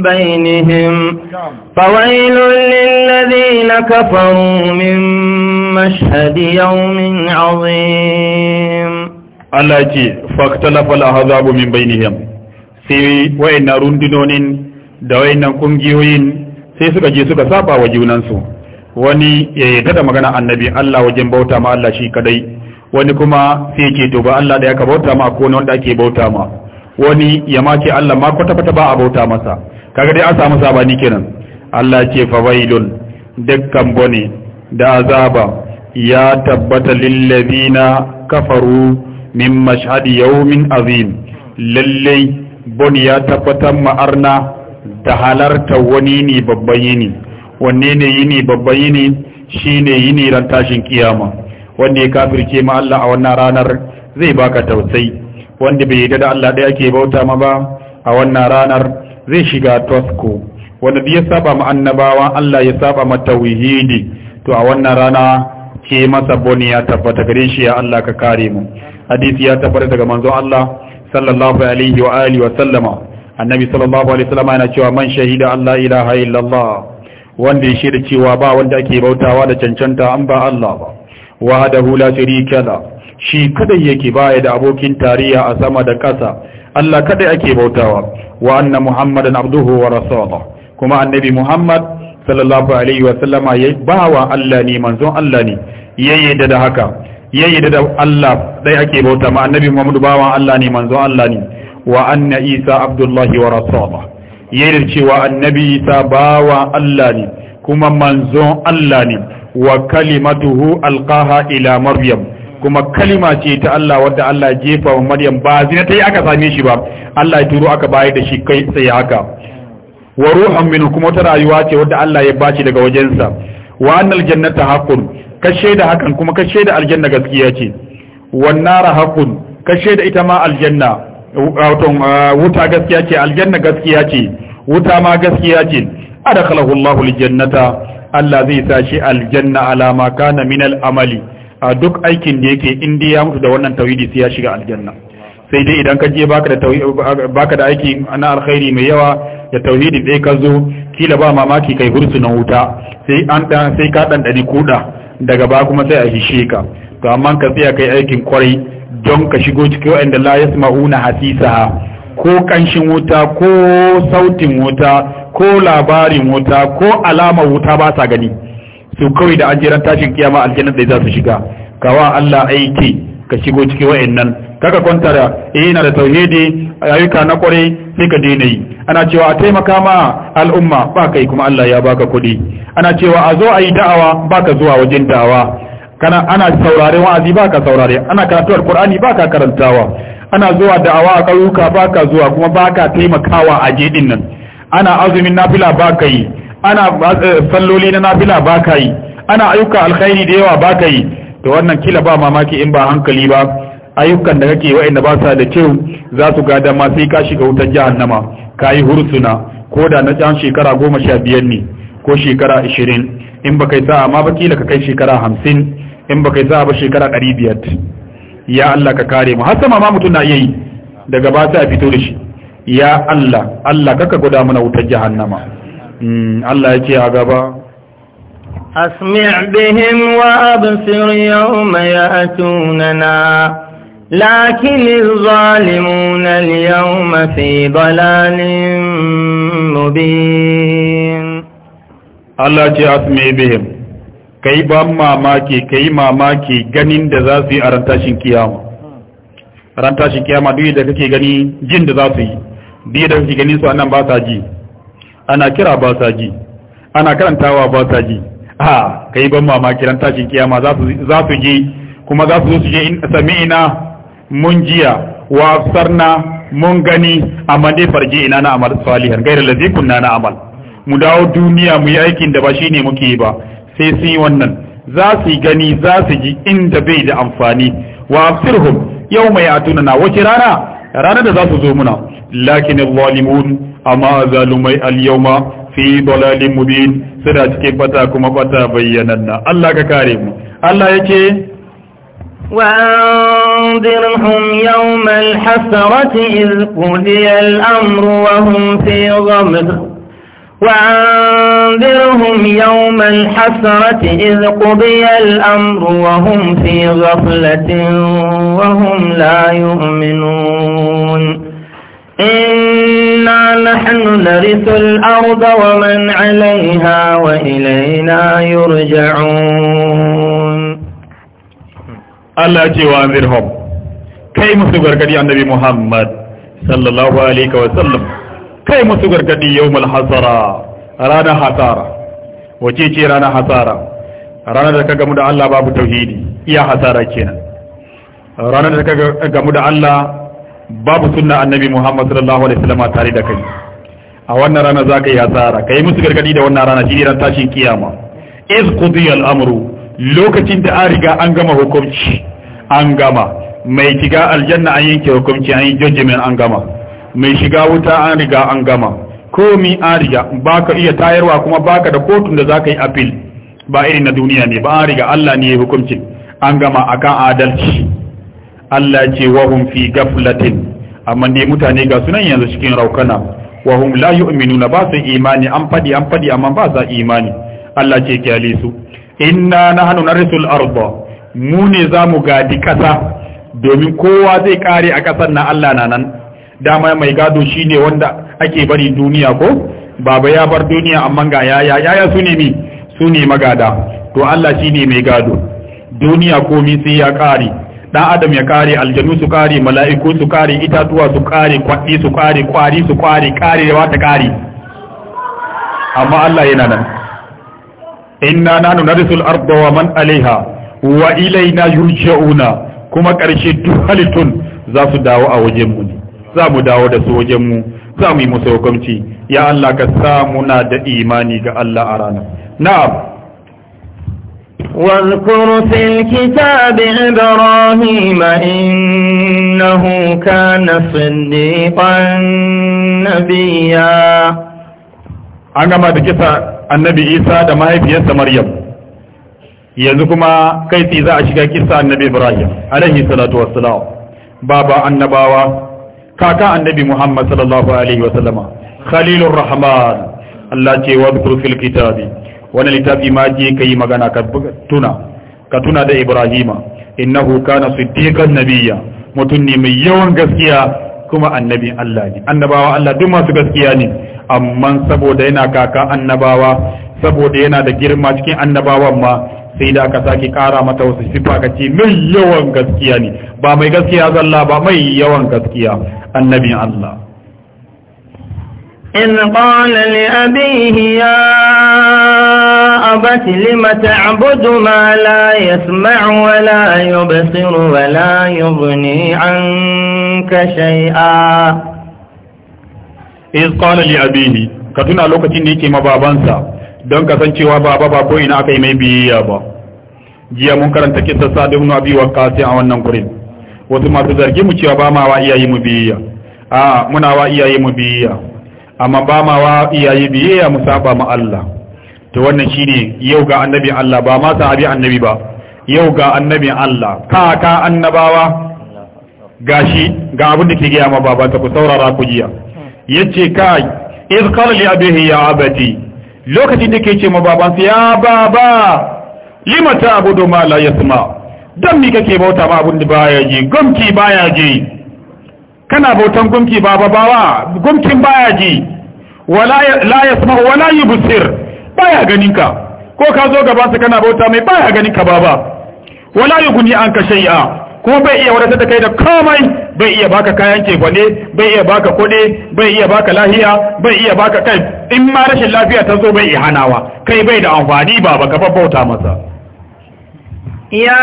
بينهم فويل للذين كفروا من مشهد يوم عظيم الله يجي فاختلف الأحزاب من بينهم sai wayannan rundunonin da wayannan kungiyoyin sai suka je suka saba wa junansu wani ya yarda da magana annabi Allah wajen bauta ma Allah shi kadai wani kuma sai ce to ba Allah da ya ka bauta ma ko wanda ake bauta ma wani ya ma ce Allah ma kwata kwata ba a bauta masa kaga dai an samu sabani kenan Allah ce fa wailun dukkan bone da azaba ya tabbata lil ladina kafaru min mashhadi yawmin azim lalle bone ya tabbata ma'arna da halarta wani ne babban yini wanne ne yini babban yini shine yini ran tashin kiyama wanda ya kafirce ma Allah a wannan ranar zai baka tausayi wanda bai yarda da Allah ɗaya ake bauta ma ba a wannan ranar zai shiga tosko wanda ya saba ma annabawa Allah ya saba ma tauhidi to a wannan rana ke masa boni ya tabbata gare shi ya Allah ka kare mu hadisi ya tabbata daga manzon Allah sallallahu alaihi wa alihi wa sallama annabi sallallahu alaihi wasallam yana cewa man shahida Allah ilaha illallah wanda ya shaida cewa ba wanda ake bautawa da cancanta an ba Allah ba wahdahu la sharika la shi kadai yake baya da abokin tarayya a sama da ƙasa Allah kadai ake bautawa wa anna muhammadan abduhu wa rasuluhu kuma annabi muhammad sallallahu alaihi wa sallama ya bawa Allah ne manzon Allah ne yayi da haka yayi da Allah dai ake bauta ma annabi muhammad bawa Allah ne manzon Allah ne wa anna isa abdullahi wa rasuluhu yayi da cewa annabi isa bawa Allah ne kuma manzon Allah ne wa kalimatuhu alqaha ila maryam kuma kalima ce ta Allah wadda Allah jefa wa maryam ba zina ta yi aka same shi ba Allah ya turo aka bayar da shi kai sai haka wa ruhan min kuma ta rayuwa ce wadda Allah ya bace daga wajensa wa annal jannata haqqun ka shaida hakan kuma ka shaida aljanna gaskiya ce wan nara haqqun ka shaida ita ma aljanna wato uh, wuta gaskiya ce aljanna gaskiya ce wuta ma gaskiya ce adakhalahu Allahu aljannata Allah zai sa shi aljanna alama kana min amali a duk aikin da yake indiya ya mutu da wannan tauhidi sai ya shiga aljanna sai dai idan ka je baka da baka da aiki na alkhairi mai yawa da tauhidi dai ka zo kila ba mamaki kai hursu na wuta sai an dan sai ka dan dani kuda daga ba kuma sai a hishe ka to amma ka tsaya kai aikin kwarai don ka shigo cikin wa'anda la yasma'una hasisaha ko kanshin wuta ko sautin wuta ko labarin wuta ko alamar wuta ba sa gani su kawai da an jiran tashin kiyama aljanna da za su shiga kawa Allah aiki ka shigo ciki wa'annan kaka kwanta da yana eh, da tauhidi ayyuka na kware sai ka daina yi ana cewa a taimaka ma al'umma ba kai kuma Allah ya baka kuɗi ana cewa a zo a yi da'awa ba ka zuwa wajen da'awa kana ana saurare wa'azi ba ka saurare ana karatu alqur'ani ba ka karantawa ana zuwa da'awa a ƙauyuka ba ka zuwa kuma ba ka taimakawa a jedin nan ana azumin nafila ba ka yi ana eh, salloli na nafila ba ka yi ana ayyuka alkhairi da yawa ba ka yi to wannan kila ba mamaki in ba hankali ba ayyukan da kake wa'anda ba sa da kyau za su ga ma sai ka shiga wutar jahannama ka yi hursuna ko da na can shekara goma sha biyar ne ko shekara ashirin in ba kai sa'a ma ba kila ka kai shekara hamsin in ba kai sa'a ba shekara ɗari biyar ya Allah ka kare mu har sama ma mutum na iya yi daga ba sa fito da shi ya Allah Allah kaka guda mana wutar jahannama mm, Allah ya ce a gaba wa أسمع بهم وأبصر يوم يأتوننا لكن الظالمون اليوم في ضلال mubin Allah ce أسمع ka kai ba mamaki kai mamaki ganin da za su yi a rantashin kiyama rantashin kiyama duk da kake gani jin da za su yi biye da kuke gani su annan ba sa ji ana kira ba sa ji ana karantawa ba sa ji a kai ban mama kiran tashin kiyama za su za su ji kuma za su zo su je in sami'ina mun jiya wa sarna mun gani amma dai farji ina na amal salihan gairu lazi kunna na amal mu dawo duniya mu yi aikin da ba shine muke ba sai sun yi wannan za su gani za su ji inda bai da amfani wa afsirhum yau mai atuna na wace rana ranar da za su zo muna lakin zalimun amma zalumai al-yawma fi dalalin mubin suna cikin fata kuma bata bayyananna Allah ka kare mu Allah yake وأنذرهم يوم الحسرة إذ قضي الأمر وهم في غمر وأنذرهم يوم الحسرة إذ قضي الأمر وهم في غفلة وهم لا يؤمنون إنا نحن نرث الأرض ومن عليها وإلينا يرجعون الله جي وأنذرهم كيف تقرقدي النبي محمد صلى الله عليه وسلم kai musu gargadi yau hasara ranar hasara wace ce ranar hasara ranar da ka gamu da Allah babu tauhidi iya hasara kenan ranar da ka gamu da Allah babu sunna annabi Muhammad sallallahu alaihi wasallam tare da kai a wannan rana za ka yi hasara ka yi musu gargadi da wannan rana shi ne ran tashin kiyama iz qudiya al-amru lokacin da an riga an gama hukunci an gama mai shiga aljanna an yanke hukunci an yi judgment an gama mai shiga wuta an riga an gama komi an riga ba iya tayarwa kuma baka da kotun da za ka yi apil ba irin na duniya ne ba an riga Allah ne ya hukunci an gama akan adalci Allah ce wahun fi gaflatin amma ne mutane ga sunan yanzu cikin raukana wahum la yu'minuna ba su imani an fadi an fadi amma ba sa imani Allah ce kyale su inna nahnu narisul arda mu ne zamu gadi kasa domin kowa zai kare a kasar na Allah na nan dama mai gado shine wanda ake bari duniya ko baba ya bar duniya amma ga yaya yaya su ne mi su ne magada to Allah shine mai gado duniya ko mi sai ya kare dan adam ya kare aljanu su kare mala'iku su kare itatuwa su kare kwadi su kare kwari su kare karewa ta kare amma Allah yana nan inna nanu narisul arda wa man alaiha wa ilaina yurja'una kuma karshe duk halittun za su dawo a wajen mu za mu dawo da sojanmu za mu yi musu hukunci ya Allah ka sa muna da imani ga Allah a ranar na'am واذكر في الكتاب إبراهيم إنه كان صديقا An أنا ما دكتا Annabi Isa da يفيس Maryam, yanzu kuma kai tsaye za a shiga kisa annabi Ibrahim alaihi salatu wassalam baba annabawa kaka annabi Muhammad sallallahu alaihi wa sallama khalilur rahman Allah ce wa dhkur fil kitabi wannan littafi ma je kai magana ka tuna ka tuna da Ibrahima innahu kana siddiqan nabiyya mutum ne mai yawan gaskiya kuma annabi Allah ne annabawa Allah duk masu gaskiya ne amma saboda yana kaka annabawa saboda yana da girma cikin annabawan ma sai da aka sake kara mata wasu sifa ka ce mai yawan gaskiya ne ba mai gaskiya zalla ba mai yawan gaskiya annabi Allah in qala li abihi ya abati lima ta'budu ma la yasma'u wa la yubsiru wa la yughni 'anka shay'a iz qala li abihi lokacin da yake mababansa don kasancewa baba ba ko ina aka yi mai biyayya ba jiya mun karanta kisa sa'ad ibn abi waqqas a wannan gurin wasu masu zargi mu cewa ba ma wa iyaye mu biyayya a muna wa iyaye mu biyayya amma ba ma wa iyaye biyayya mu saba ma Allah to wannan shine yau ga annabi Allah ba ma sahabi annabi ba yau ga annabi Allah ka ka annabawa gashi ga abin da ke gaya ma baba ta ku saurara ku jiya yace kai iz qala li abihi ya abati lokacin da ke ce ma babansu ya baba mata abu ma la yasma don mi kake bauta ma abun da baya ji gumki baya ji kana bautan gumki baba bawa gumkin baya ji wala la yasma wala yubsir baya ganin ka ko ka zo gaban sa kana bauta mai baya ganin ka baba wala yuguni anka shay'a ko bai iya wadatar da kai da komai bai iya baka kayan kekwane bai iya baka kuɗi bai iya baka lahiya bai iya baka kai in ma rashin lafiya ta zo bai ihanawa kai bai da amfani ba baka babbauta masa ya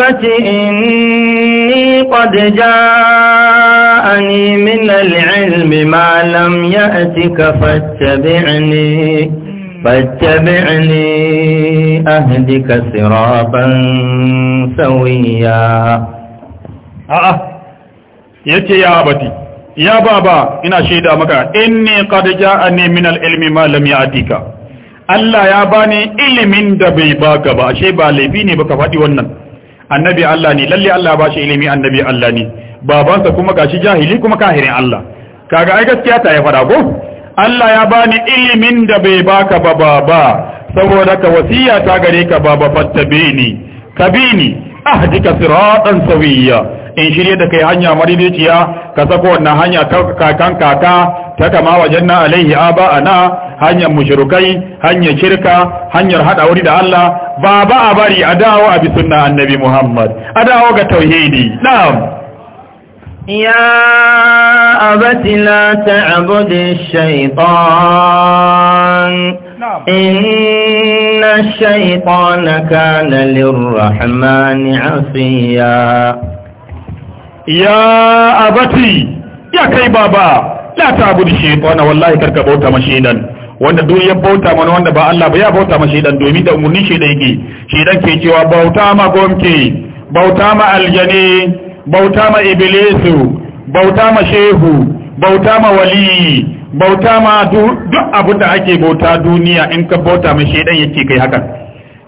يا inni qad ja'ani min malam ilmi ma lam ya'tika fattabi'ni فاتبعني أهدك صراطا سويا آه يتي يا أبتي يا بابا إن شهد مكا إني قد جاءني من العلم ما لم يأتيك Allah ya bani ilimin da bai baka ba ashe ba laifi ne baka faɗi wannan annabi Allah ne lalle Allah ba shi ilimi annabi Allah ne babansa kuma gashi jahili kuma kahirin Allah kaga ai gaskiya ta ya faɗa ko Allah ya bani ilimin da bai baka ba baba saboda ka wasiya ta gare ka baba fattabini kabini ahdika siratan sawiyya in shirye da kai hanya maridiciya ka sako wannan hanya kakan kaka ta kama wajen na alaihi aba ana hanyar mushrikai hanyar shirka hanyar hada wuri da Allah ba ba a bari a dawo a bisunna annabi Muhammad a dawo ga tauhidi na'am ya أبت لا تعبد الشيطان إن الشيطان كان للرحمن عصيا يا أبتي يا كي بابا لا تعبد الشيطان والله كركبوت مشيدا wanda duk ya bauta mana wanda ba Allah ba ya bauta ma shaidan domin da umurnin shaidan yake shaidan ke cewa bauta ma gomke bauta ma aljani bauta ma iblisu bauta ma shehu bauta ma wali bauta ma duk abin da ake bauta duniya in ka bauta ma shedan yake kai hakan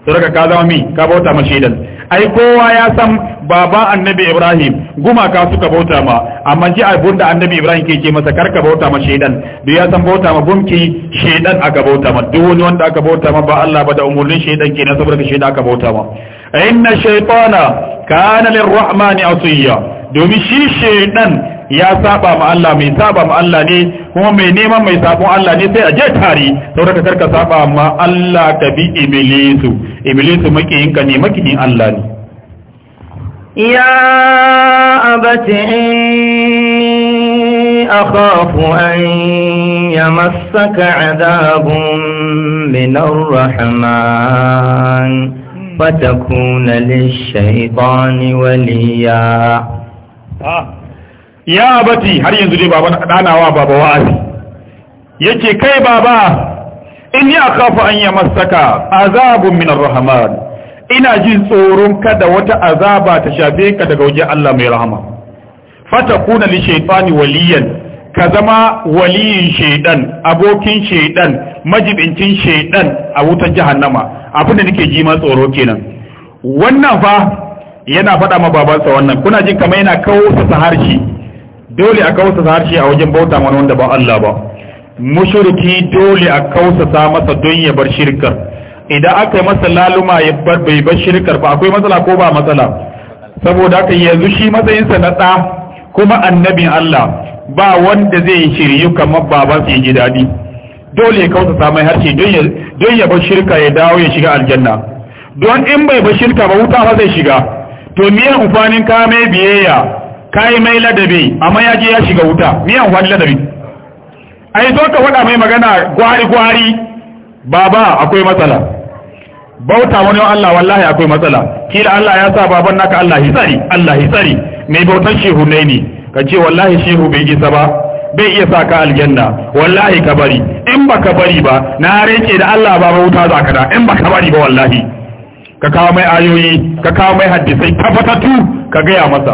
daga ka zama mi ka bauta ma shedan ai kowa ya san baba annabi ibrahim guma ka suka bauta ma amma ji abin da annabi ibrahim ke ce masa karka bauta ma shedan da ya san bauta ma gumki shedan aka bauta ma duk wani wanda aka bauta ma ba Allah ba da umurnin shedan kenan saboda shedan aka bauta ma inna shaytana kana lirrahmani asiya domin shi shedan ya saba ma Allah mai saba ma Allah ne kuma mai neman mai sabon Allah ne sai a je tare saboda karka saba ma Allah ka bi iblisu iblisu ka ne makiyin Allah ne ya abati أخاف أن يمسك عذاب من الرحمن فتكون للشيطان وليا ya abati har yanzu dai baban danawa baba wa'azi yace kai baba inni akhafu an yamassaka azabun min arrahman ina jin tsoron kada wata azaba ta shafe ka daga wajen Allah mai rahama fatakuna li shaytani waliyan ka zama waliyin shaidan abokin shaidan majibincin shaidan a wutar jahannama abin da nake ji ma tsoro kenan wannan fa yana faɗa ma babansa wannan kuna jin kamar yana kawo sa harshe dole a kawo sa harshe a wajen bauta mana wanda ba Allah ba mushriki dole a kausasa masa don ya bar shirkar idan aka yi masa laluma ya bar bai bar shirkar ba akwai matsala ko ba matsala saboda haka yanzu shi matsayinsa na ɗa kuma annabin Allah ba wanda zai shiryu kamar babansa ya ji daɗi dole ya kausasa mai harshe don ya bar shirka ya dawo ya shiga aljanna don in bai bar shirka ba wuta ba zai shiga to miya ufanin ka mai biyayya kai mai ladabi amma ya je ya shiga wuta miya ufanin ladabi ai zo ka faɗa mai magana gwari gwari baba akwai matsala bauta wani Allah wallahi akwai matsala kila Allah ya sa baban naka Allah hisari Allah hisari mai bautan shehu ne ne ka ce wallahi shehu bai isa ba bai iya sa ka aljanna wallahi ka bari in baka bari ba na rike da Allah ba wuta za ka da in baka bari ba wallahi ka kawo mai ayoyi ka kawo mai hadisai tabbatatu ka gaya masa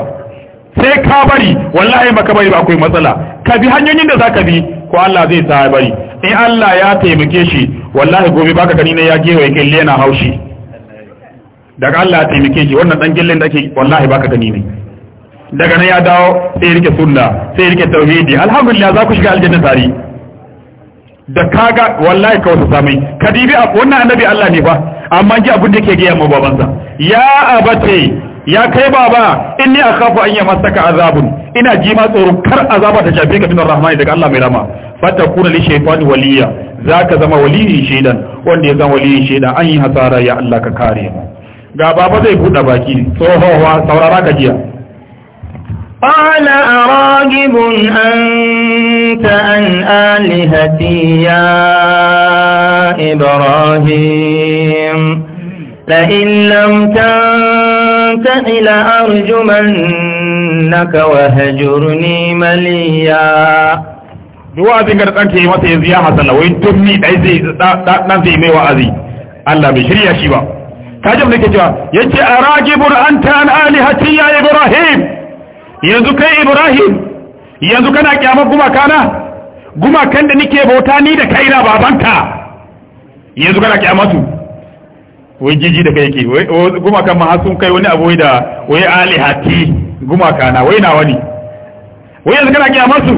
sai ka bari wallahi baka bari ba akwai matsala ka bi hanyoyin da zaka bi ko Allah zai sa bari in Allah ya taimake shi wallahi gobe baka gani ne ya gewaye kille na haushi daga Allah ya taimake shi wannan dan gillen da ake wallahi baka gani ne daga nan ya dawo sai rike sunna sai rike tauhidi alhamdulillah za ku shiga aljanna tare da kaga wallahi ka wasu samai kadibi a wannan annabi Allah ne ba amma ji abin da yake ga yamma babansa ya abate ya kai baba inni akhafu an yamassaka azabun ina ji ma tsoro kar azaba ta shafe ka binar rahmani daga Allah mai rama fata kuna li shaytani waliya zaka zama waliyin shaidan wanda ya zama waliyin shaidan an yi hasara ya Allah ka kare mu ga baba zai buɗe baki tsohowa saurara ka jiya قال أراغب أنت عن آلهتي يا إبراهيم لئن لم تنته لأرجمنك وهجرني مليا duk wa'azin ka da ɗanka yi masa yanzu ya hasala wai duk ni ɗai zai ɗan zai mai wa'azi Allah bai shirya shi ba kajin da ke cewa yace a ragibun an ta an alihati ya ibrahim yanzu kai ibrahim yanzu kana kyamar gumaka na gumakan da nike bauta ni da kaina babanka yanzu kana kyamar su wai jiji da kai ke gumakan ma sun kai wani abu da wai alihati gumaka na wai nawa ne wai yanzu kana kyamar su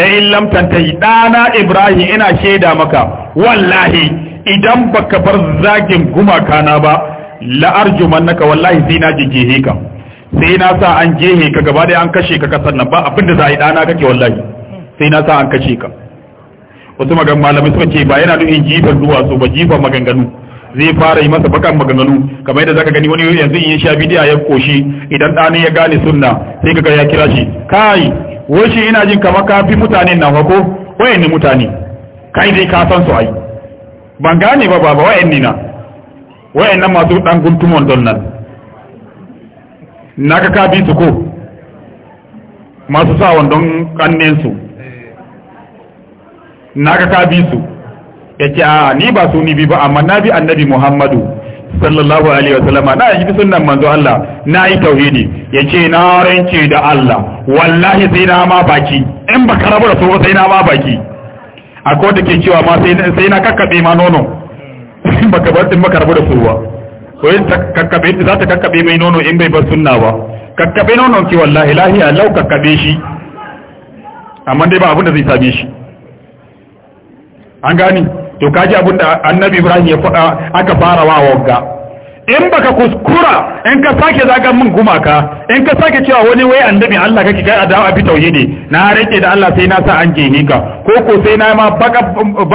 la'in lam tantahi dana ibrahim ina shaida maka wallahi idan baka bar zagin gumaka na ba la'arjumannaka wallahi sai na jijjihe ka sai na sa an jehe ka gaba da an kashe ka kasar nan ba abin da za a yi ɗana kake wallahi sai na sa an kashe ka wasu magan malami suka ce ba yana nufin jifar duwatsu ba jifar maganganu zai fara yi masa bakan maganganu kamar yadda zaka gani wani yanzu in sha bidiya ya koshi idan ɗani ya gane sunna sai kaga ya kira shi kai wai ina jin kamar ka fi mutanen nan ko wayanne mutane kai dai ka san su ai ban gane ba baba ni na nan masu dan guntumon don nan Na ka bi su ko masu sa wandon kannensu na ka bi su ce a ni ba su ni bi ba amma na bi annabi muhammadu sallallahu alaihi wasallama na yi sunnan manzo Allah na yi tauhidi yace na rance da Allah wallahi sai na ma baki in ba rabu da so sai na ma baki akwai da ke cewa ma sai na kakkabe ma nono ka bar din baka rabu da so ko yin kakkabe za ta kakkabe mai nono in bai bar sunna ba kakkabe nono ki wallahi lahiya lau kakkabe shi amma dai ba abin da zai same shi an gani to kaji abin da annabi ibrahim ya faɗa aka fara wa wagga in baka kuskura in ka sake zaga min gumaka in ka sake cewa wani wai annabi Allah kake kai adawa bi tauhidi na rike da Allah sai na sa an jehe ka ko ko sai na ma baka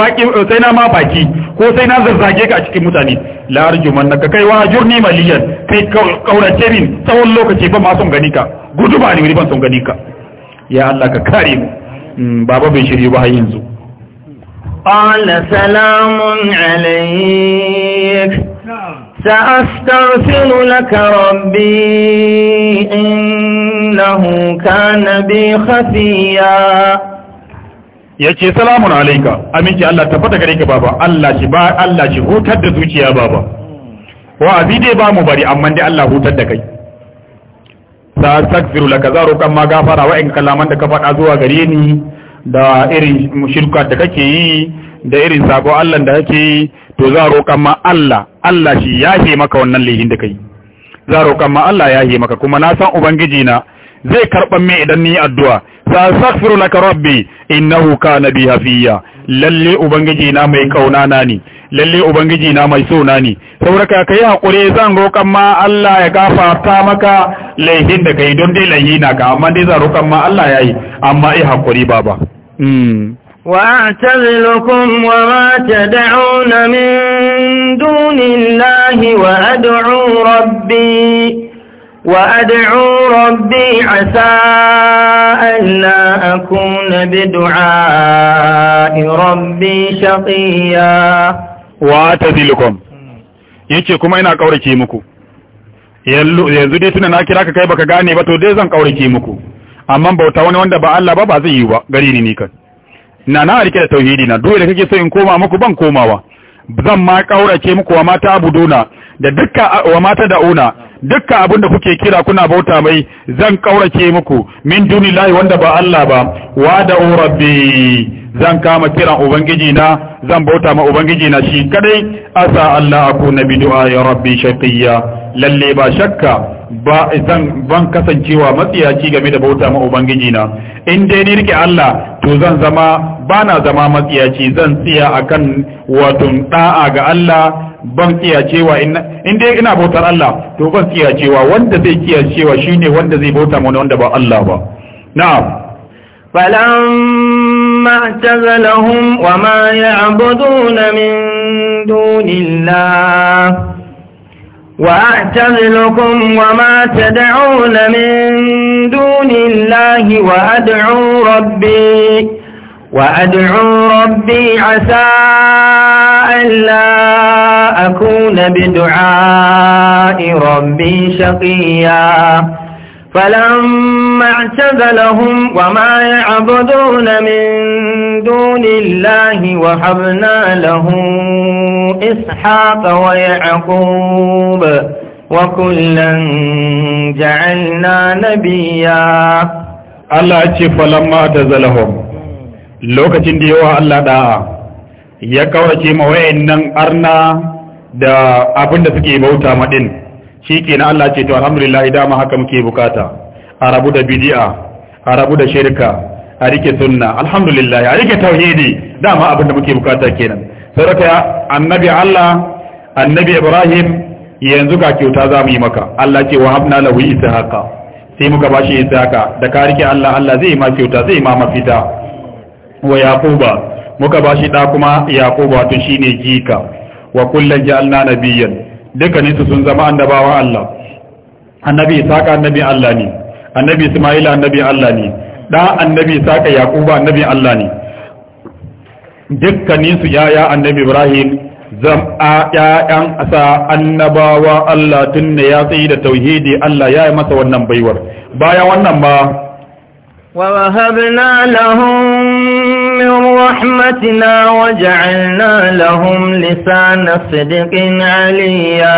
baki sai na ma baki ko sai na zazzage ka a cikin mutane la naka kai wa jurni maliyan kai kaurace min tsawon lokaci ba ma son gani ka gudu ba ni ban son gani ka ya Allah ka kare mu mm, baba bai shirye ba yanzu qala salamun alayk سأستغفر لك salamun alayka aminci Allah tabbata gare ka baba Allah shi ba Allah shi hutar da zuciya baba wa abi dai ba mu bari amma dai Allah hutar da kai sa astaghfiru laka zaro kan ma gafara wa in kalaman da ka faɗa zuwa gare ni da irin shirka da kake yi da irin sabon Allah da kake yi to za roƙa ma Allah Allah shi yahe maka wannan lehin da kai za roƙa ma Allah yahe maka kuma na san ubangiji na zai karɓar mai idan ni addu'a sa astaghfiru laka rabbi innahu kana bi hafiya lalle ubangiji na mai kauna na ne lalle ubangiji na mai sona ne saboda kai hakuri zan roƙa ma Allah ya gafarta maka laihin da kai don dai na ka amma dai a roƙa ma Allah yayi amma ai hakuri baba hmm. وأعتذلكم وما تدعون من دون الله وأدعو ربي وأدعو ربي عسى ألا أكون بدعاء ربي شقيا وأعتذلكم yace kuma ina kaurace muku yanzu dai tuna na kira ka kai baka gane ba to dai zan kaurace muku amma bauta wani wanda ba Allah ba ba zai yi ba gari ni ni kan na na rike da tauhidi na duk da kake so in koma muku ban komawa zan ma kaurace muku wa mata abuduna da dukka wa mata da'una dukka abin da kuke kira kuna bauta mai zan kaurace muku min dunillahi wanda ba Allah ba wa da rabbi zan kama kiran ubangiji na zan bauta ma ubangiji na shi kadai asa Allah aku nabi du'a ya rabbi shaqiya lalle ba shakka ba zan ban kasancewa matsiyaci game da bauta ma ubangiji na in dai ni rike Allah to zan zama bana zama matsiyaci zan tsiya akan wato da'a ga Allah ban tsiyacewa in dai ina bautar Allah to ban tsiyacewa wanda zai tsiyacewa shine wanda zai bauta ma wanda ba Allah ba na'am فلما اعتزلهم وما يعبدون من دون الله وأعتزلكم وما تدعون من دون الله وأدعو ربي وأدعو ربي عسى ألا أكون بدعاء ربي شقيا فلما اعتزلهم وما يعبدون من دون الله وحبنا لهم وإسحاق ce وكلا جعلنا نبيا الله lokacin da yawa Allah da'a ya kaurace ma wayannan arna da abin da suke bauta ma din shikenan Allah ce to alhamdulillah ma haka muke bukata a rabu da bid'a a rabu da shirka a rike sunna alhamdulillah a rike tauhidi dama abin da muke bukata kenan sarka annabi Allah annabi Ibrahim yanzu ka kyauta za mu yi maka Allah ce wa habna lahu ishaqa sai muka bashi ishaqa da ka rike Allah Allah zai ma kyauta zai ma mafita wa yaquba muka bashi da kuma yaquba wato shine jika wa kullan ja'alna nabiyyan dukkanin su sun zama annabawa Allah annabi ishaqa annabi Allah ne annabi isma'ila annabi Allah ne da annabi ishaqa yaquba annabi Allah ne dukkaninsu yaya annabi ibrahim zama ‘ya'yan asa annabawa Allah tun na, ya tsaye da tauhidi Allah ya yi masa wannan baiwar bayan wannan ba wa wahabna lahum min rahmatina wa ja'alna lahum lisana sidqin aliya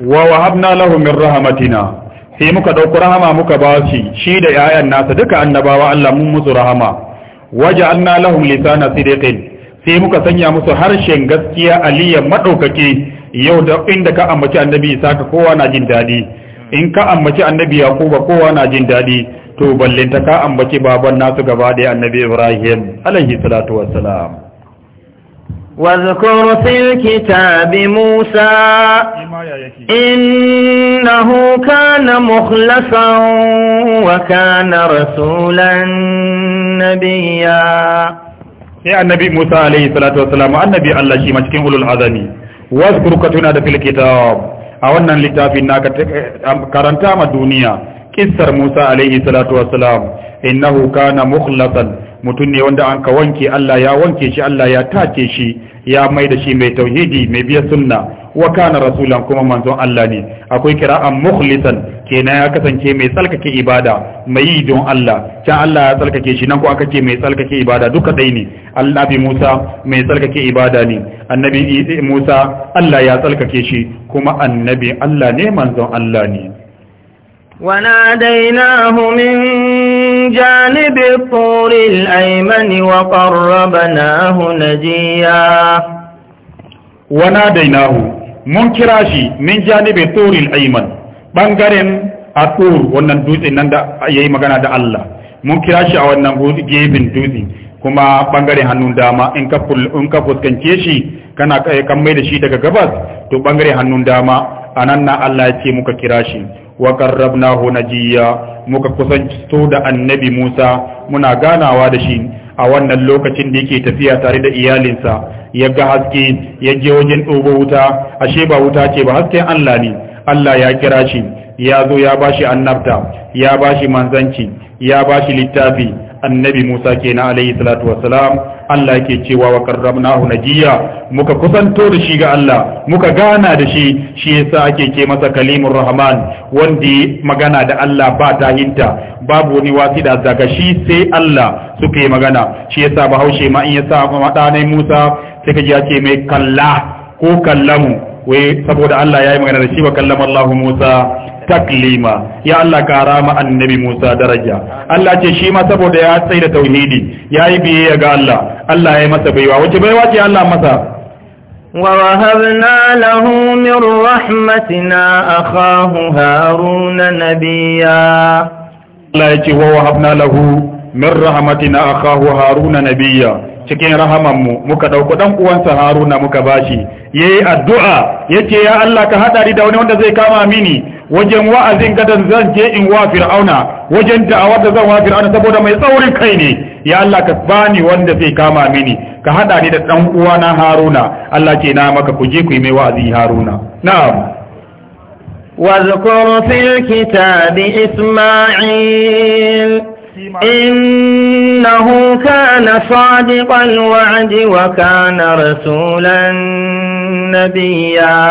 wa wahabna lahum min rahmatina sai muka dauki rahama muka ba shi shi da ‘ya'yan nasa duka annabawa Allah mun musu rahama waja'alna lahum lisana sidqin sai muka sanya musu harshen gaskiya aliyan madaukake yau da inda ka ambaci annabi Isa ka kowa na jin daɗi in ka ambaci annabi Yakuba kowa na jin daɗi to ballinta ka ambaci baban nasu gaba da annabi Ibrahim alaihi salatu wassalam واذكر في الكتاب موسى إنه كان مخلصا وكان رسولا نبيا يا النبي موسى عليه الصلاة والسلام النبي الله شيء مشكين أولو العظم واذكر كتنا في الكتاب أولا لتافي ناك كرنتام الدنيا كسر موسى عليه الصلاة والسلام innahu kana mukhlasan mutum ne wanda an ka wanke Allah ya wanke shi Allah ya tace shi ya mai da shi mai tauhidi mai biya sunna wa kana rasulan kuma manzon Allah ne akwai kira'an mukhlisan kenan ya kasance mai tsalkake ibada mai yi don Allah can Allah ya tsalkake shi nan ko aka ce mai tsalkake ibada duka dai ne annabi Musa mai tsalkake ibada ne annabi Musa Allah ya tsalkake shi kuma annabi Allah ne manzon Allah ne وناديناه min. من جانب الطور الأيمن وقربناه نجيا وناديناه منكراشي من جانب الطور الأيمن بانغارين الطور wannan dutsen nan da yayi magana da Allah mun kira a wannan gefen dutse kuma bangaren hannun dama in ka in ka fuskance shi kana kan mai da shi daga gabas to bangaren hannun dama anan na Allah ya ce muka kira shi wa na najiya muka kusanto da annabi Musa muna ganawa da shi a wannan lokacin da yake tafiya tare da iyalinsa ya ga haske ya je wajen ɗogo wuta ashe ba wuta ce ba hasken Allah ne Allah ya kira shi ya zo ya bashi annabta ya bashi manzanci ya bashi littafi annabi Musa kenan alaihi salatu wassalam Allah yake cewa wa karramnahu najiya muka kusanto da shi ga Allah muka gana da shi shi yasa ake ce masa kalimur rahman wanda magana da Allah ba ta hinta babu wani wasida daga shi sai Allah suka yi magana shi yasa bahaushe ma in yasa madanai Musa sai kaji ya mai kalla ko kallamu wai saboda Allah ya yi magana da shi wa kallama Allah Musa taklima ya Allah kara ma annabi Musa daraja Allah ce shi ma saboda ya saida da tauhidi ya yi biyayya ga Allah Allah ya yi masa baiwa wace baiwa ce Allah masa ووهبنا له من رحمتنا أخاه هارون نبيا Allah ya ce wa wahabna lahu min rahmatina akahu haruna nabiyya cikin mu muka ɗauko ɗan uwansa haruna muka bashi ya yi addu'a ya ce ya Allah ka haɗari da wani wanda zai kama mini wajen wa'azin gadon zan je in wa fir'auna wajen da da zan wa fir'auna saboda mai tsaurin kai ne ya Allah ka bani wanda zai kama mini ka haɗa ni da ɗan uwana haruna Allah ce na maka ku je ku yi mai wa'azi haruna na'am واذكر في الكتاب إسماعيل إن إنه كان صادق الوعد وكان رسولا نبيا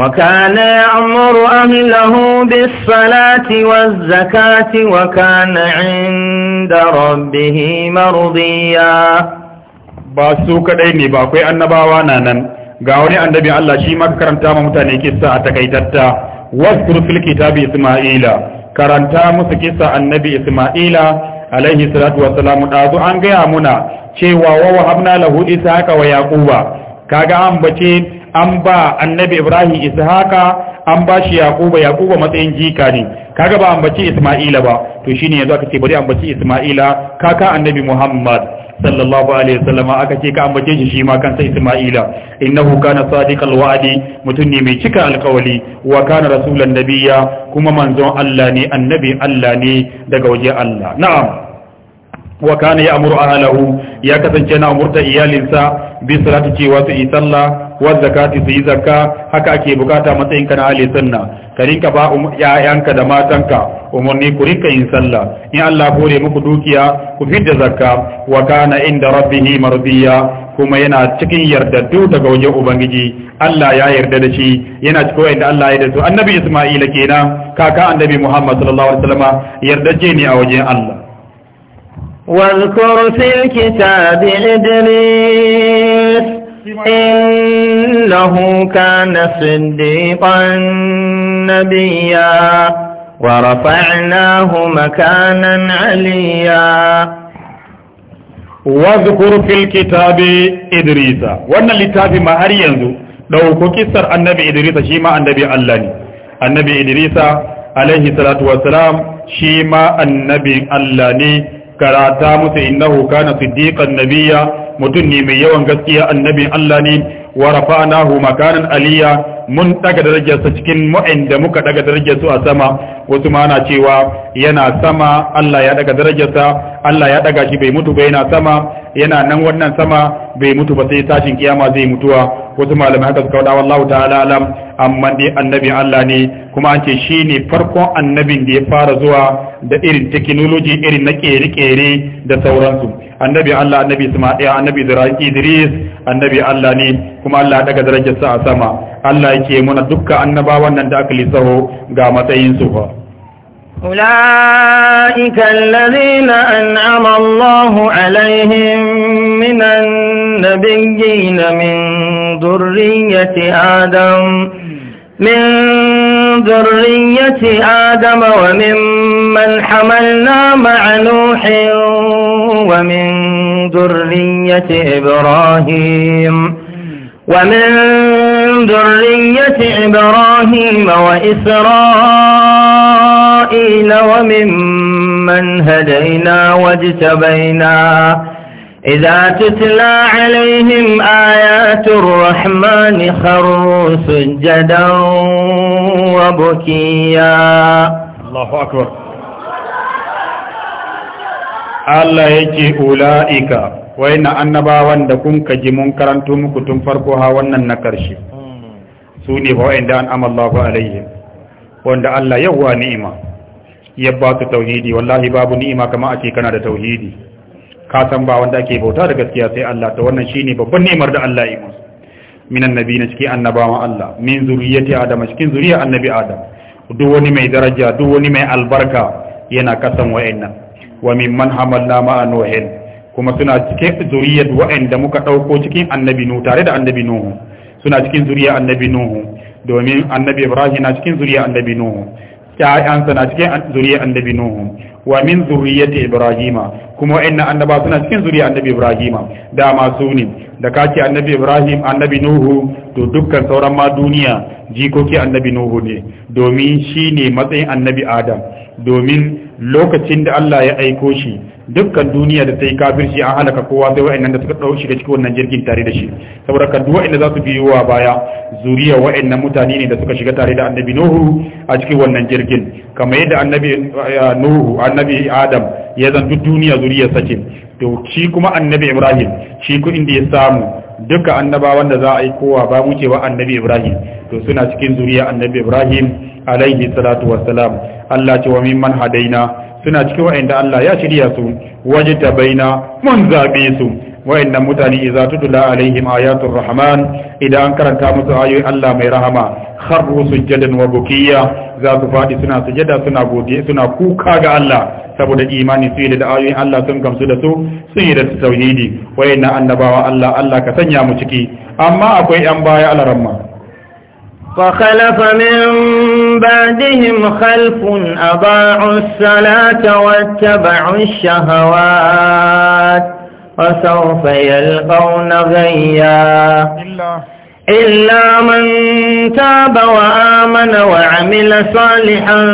وكان يأمر أهله بالصلاة والزكاة وكان عند ربه مرضيا باسوك ديني باكوي أنباوا نانان قاوني أنبي الله شيما كرمتا ممتاني كسا أتكيتتا واذكر في الكتاب إسماعيل karanta musu kisa annabi Ismaila alaihi salatu wassalam dazu an gaya muna cewa wa wahabna lahu ishaqa wa yaquba kaga an bace an ba annabi ibrahim ishaqa an ba shi yaquba yaquba matsayin jika ne kaga ba an bace isma'ila ba to shine yanzu aka ce bari an bace isma'ila kaka annabi muhammad sallallahu alaihi wasallam aka ce ka ambace shi shi ma kansa Isma'ila innahu kana sadiqal wa'di mutun ne mai cika alƙawali wa kana rasulan nabiyya kuma manzon Allah ne annabi Allah ne daga waje Allah na'am wa kana ya'muru ahlahu ya kasance na umurta iyalinsa bi salati cewa su sallah wa zakati su yi zakka haka ake bukata matsayin ka na ahli sunna ka rinka ba ƴaƴanka um- da matanka umarni ku rinka yin sallah in Allah kore muku dukiya ku fidda zakka wa kana inda rabbihi mardiya kuma yana cikin yardaddu daga wajen ubangiji Allah ya yarda da shi yana cikin wanda Allah ya yarda su annabi Isma'ila kenan kaka annabi Muhammad sallallahu alaihi wasallam yardaje ne a wajen Allah واذكر في الكتاب إدريس إنه كان صديقا نبيا ورفعناه مكانا عليا واذكر في الكتاب إدريس وأن الكتاب ما هر ينزو لو كسر النبي إدريس شيما النبي الله النبي إدريس عليه الصلاة والسلام شيما النبي الله karata musu innahu kana siddiqan nabiyya mutum ne mai yawan gaskiya annabi Allah ne wa rafa'nahu makanan aliyya mun daga darajarsa cikin mu'in da muka daga darajar su a sama wasu ma na cewa yana sama Allah ya daga darajarsa Allah ya daga shi bai mutu ba yana sama yana nan wannan sama bai mutu ba sai tashin kiyama zai mutuwa wasu malamai haka suka wada wallahu ta'ala alam amma dai annabi Allah ne kuma an ce shine farkon annabin da ya fara zuwa da irin technology irin na kere-kere da sauransu annabi Allah annabi Isma'il annabi Idris annabi Allah ne kuma Allah daga darajarsa a sama Allah yake mana dukkan annabawan nan da aka lissaho ga matsayin su fa أولئك الذين أنعم الله عليهم من النبيين من ذرية آدم من ذرية آدم وممن حملنا مع نوح ومن ذرية إبراهيم ومن ذرية إبراهيم وإسرائيل وممن هدينا واجتبينا إذا تتلى عليهم آيات الرحمن خروا سجدا وبكيا الله أكبر الله يجي أولئك وإن annabawan da kun kaji mun karanto muku tun farko ha wannan na karshe su ne ba wa'inda an wanda Allah ni'ima ya ba su tauhidi wallahi babu ni'ima kama a ce da tauhidi ka san ba wanda ake bauta da gaskiya sai Allah ta wannan shine babban ni'imar da Allah ya yi musu minan nabi na cikin annabawa Allah min zuriyati adam cikin zuriya annabi adam duk wani mai daraja duk wani mai albarka yana kasan wa'annan wa mimman hamalna ma'a nuhin kuma suna cikin zuriyar wa'anda muka dauko cikin annabi nuhu tare da annabi nuhu suna cikin zuriya annabi nuhu domin annabi ibrahim na cikin zuriya annabi nuhu ya'yansa na cikin zuriyar annabi nuhu wa min zurriyyati ibrahima kuma wa'annan annaba suna cikin zuriyar annabi ibrahima da masu ne da kace annabi ibrahim annabi nuhu to dukkan sauran ma duniya jikoki annabi nuhu ne domin shine matsayin annabi adam domin lokacin da Allah ya aiko shi dukkan duniya da ta yi kafirci an halaka kowa sai wa'annan da suka ɗau shiga cikin wannan jirgin tare da shi saboda kan duk inda za su biyo wa baya zuriya wa'annan mutane ne da suka shiga tare da annabi Nuhu a cikin wannan jirgin kamar yadda annabi eh, Nuhu annabi Adam ya zan duk duniya zuriya sace to shi kuma annabi Ibrahim shi ku inda ya samu duka annabawan da za a yi kowa ba mu ce wa annabi Ibrahim to suna cikin zuriya annabi Ibrahim alaihi salatu wassalam Allah ce wa mimman hadaina suna cikin wa'anda Allah ya shirya su ta baina mun zabe su wa'annan mutane idza tudla alaihim ayatul rahman idan an karanta musu ayoyi Allah mai rahama kharru sujadan wa bukiya za su fadi suna sujada suna godiya suna kuka ga Allah saboda imani su yi da ayoyin Allah sun gamsu da su sun yi da tauhidi Wayanda annabawa Allah Allah ka sanya mu ciki amma akwai yan baya alaramma فخلف من بعدهم خلف أضاعوا الصلاة واتبعوا الشهوات وسوف يلقون غيا إلا من تاب وآمن وعمل صالحا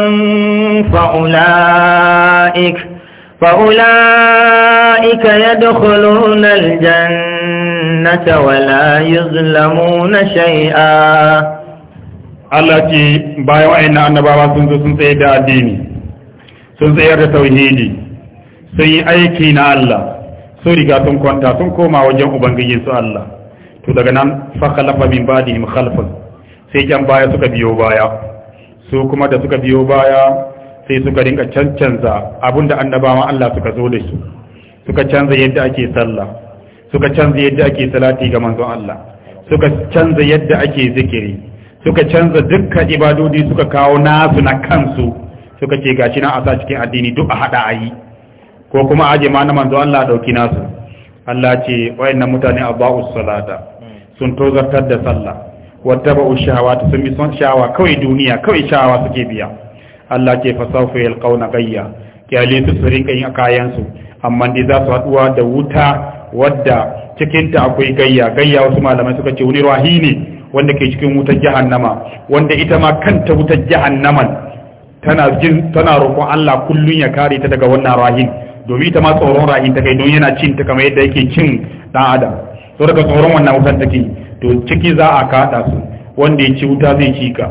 فأولئك فأولئك يدخلون الجنة ولا يظلمون شيئا Allah ce bayan wa'annan annabawa sun zo sun tsaye da addini sun tsayar da tauhidi sun yi aiki na Allah sun riga sun kwanta sun koma wajen ubangiji su Allah to daga nan fa khalafa min ba'dihim khalfun sai jan baya suka biyo baya su kuma da suka biyo baya sai suka rinka cancanza abinda annabawa Allah suka zo da su suka canza yadda ake sallah suka canza yadda ake salati ga manzon Allah suka canza yadda ake zikiri suka canza dukkan ibadodi suka kawo nasu na kansu suka ce gashi na a sa cikin addini duk a hada ayi ko kuma aje ma na manzo Allah dauki nasu Allah ce wayannan mutane aba'us salata sun tozartar da sallah ushawa ta sun bi son shawa kawai duniya kawai shawa suke biya Allah ce fasawfa yalqauna gayya kyale su su rinka yin kayan su amma dai za su haduwa da wuta wadda cikinta akwai gayya gayya wasu malamai suka ce wani rahi ne wanda ke cikin wutar jahannama wanda ita ma kanta wutar jahannaman tana jin tana roƙon Allah kullun ya kare ta daga wannan rahin domin ita ma tsoron rahin ta kai don yana cin ta kamar yadda yake cin dan adam to daga tsoron wannan wutar take to ciki za a kada su wanda ya ci wuta zai ci ka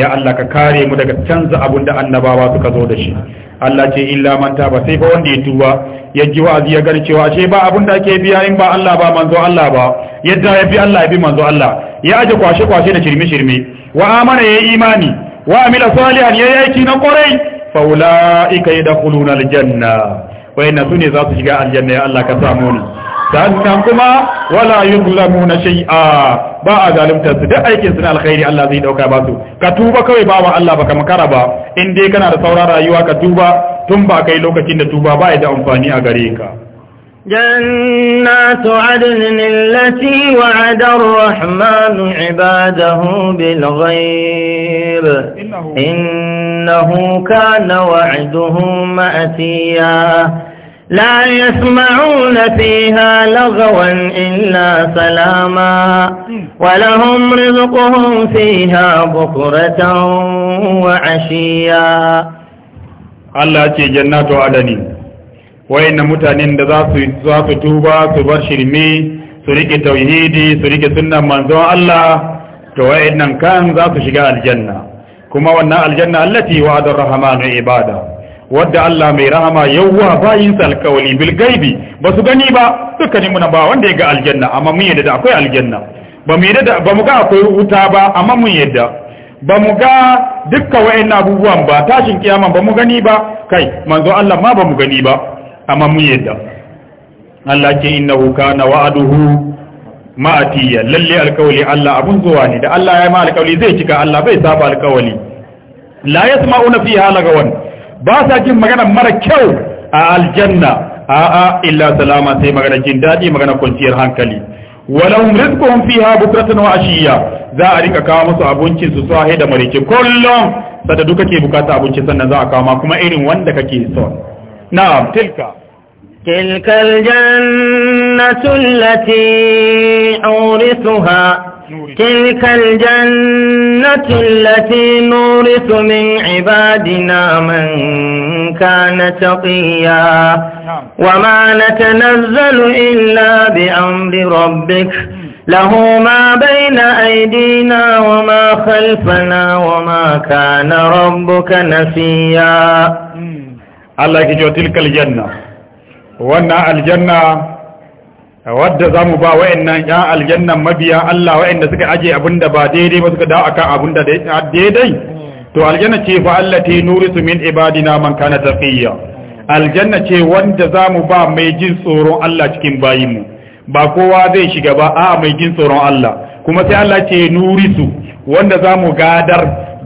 ya Allah ka kare mu daga canza abun da annabawa suka zo da shi Allah ce illa man taba sai fa wanda ya tuba ya ji wa'azi ya gani cewa ashe ba abun da ake biya in ba Allah ba manzo Allah ba yadda ya bi Allah ya bi manzo Allah ya aje kwashe kwashe da shirme shirme wa amana yayi imani wa amila salihan yayi aiki na kwarai fa ulaika yadkhuluna aljanna wa inna sunni za su shiga aljanna ya Allah ka samu ni sannan kuma wala na shay'a ba a zalunta su duk aikin su na alkhairi Allah zai dauka ba su ka tuba kawai ba wa Allah baka makara ba in dai kana da sauran rayuwa ka tuba tun ba kai lokacin da tuba ba ya da amfani a gare ka جنات عدن التي وعد الرحمن عباده بالغيب إنه كان وعده مأتيا لا يسمعون فيها لغوا إلا سلاما ولهم رزقهم فيها بكرة وعشيا Allah ce jannatu adani wayannan mutanen da za su za su tuba su bar shirme su rike tauhidi su rike sunnan manzon Allah to wayannan kan za su shiga aljanna kuma wannan aljanna allati wa'ada ar-rahmanu ibada wadda Allah mai rahama yawwa bayinsa alkawali bil gaibi ba su gani ba dukkanin muna ba wanda ya ga aljanna amma mun yadda da akwai aljanna ba mu yadda ba mu ga akwai wuta ba amma mun yadda ba mu ga dukkan wayannan abubuwan ba tashin kiyama ba mu gani ba kai manzo Allah ma ba mu gani ba amma mun yadda Allah ke innahu kana wa'aduhu ma'atiya lalle alkawali Allah abun zuwa ne da Allah ya yi ma alkawali zai cika Allah bai saba alkawali la yasma'una fiha lagawan ba sa jin magana mara kyau a aljanna a'a illa salama sai magana jin daɗi magana kwanciyar hankali walahum rizquhum fiha bukratan wa ashiya za a rika kawo musu abincin su sahi da marike kullum sada duka ke bukata abinci sannan za a kawo ma kuma irin wanda kake so na'am tilka tilka aljannatu allati awrithuha تلك الجنة التي نورث من عبادنا من كان تقيا نعم. وما نتنزل إلا بأمر ربك له ما بين أيدينا وما خلفنا وما كان ربك نسيا الله يجو تلك الجنة وانا الجنة wadda za mu ba wa'annan ya aljannan mabiya Allah wa'anda suka aje abinda ba daidai ba suka dawo akan abinda daidai to aljanna ce fa allati nurisu min ibadina man kana taqiyya aljanna ce wanda za mu ba mai jin tsoron Allah cikin bayinmu ba kowa zai shiga ba a mai jin tsoron Allah kuma sai Allah ce nurisu wanda za mu gadar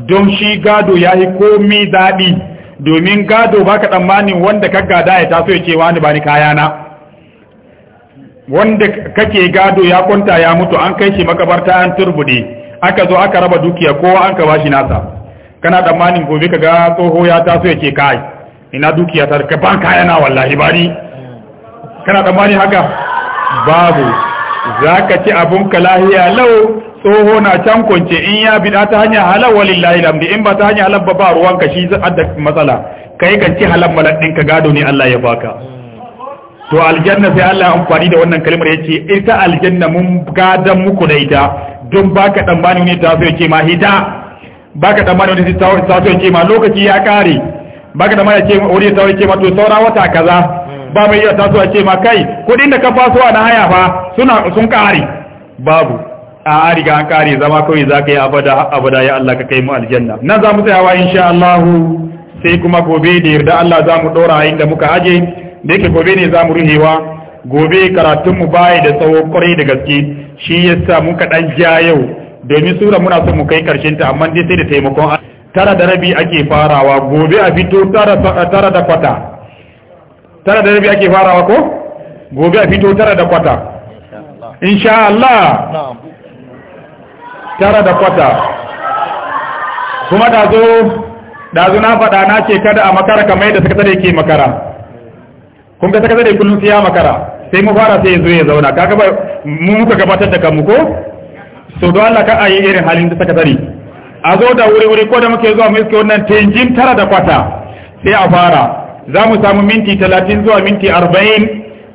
don shi gado ya yi komi daɗi domin gado baka tsammanin wanda ka gada ya taso ya ce wani ba ni kayana wanda kake gado ya kwanta ya mutu an kai shi makabarta an turbude aka zo aka raba dukiya kowa an ka bashi nasa kana tsammanin gobe ka ga tsoho ya taso yake kai ina dukiya ta ka ban kaya na wallahi bari kana tsammani haka babu zaka ci abun ka lahiya lau tsoho na can kwance in ya bida ta hanya halal walillahi lamdi in ba ta hanya halal ba ruwan shi shi zai matsala kai kan ci halal malad ka gado ne Allah ya baka to aljanna sai Allah amfani da wannan kalmar yace ita aljanna mun gadan muku da ita don baka dan bani ne ta sai ce ma hita baka dan bani ne ta sai ce ma lokaci ya kare baka dan bani ce wuri ta ce ma to saura wata kaza ba mai ta sai ce ma kai kudin da ka faso na haya fa suna sun kare babu a riga an kare zama kawai zaka yi abada abada ya Allah ka kai mu aljanna nan za mu tsayawa insha Allah sai kuma gobe da yarda Allah za mu dora inda muka aje da yake gobe ne za mu ruhewa gobe karatunmu baya da tsawo kwarai da gaske shi ya sa muka ɗan ja yau domin sura muna son mu kai karshen ta amma dai sai da taimakon tara da rabi ake farawa gobe a fito tara da kwata tara da rabi ake farawa ko gobe a fito tara da kwata insha Allah tara da kwata kuma da zo da zo na faɗa na ce kada a makara kamar yadda tsare ke makara kun ga saka da kullum sai ya makara sai mu fara sai ya zauna kaga ba mu muka gabatar da kanmu ko so don Allah ka a yi irin halin da saka a zo da wuri wuri ko da muke zuwa mu iske wannan tenjin tara da kwata sai a fara za mu samu minti talatin zuwa minti arba'in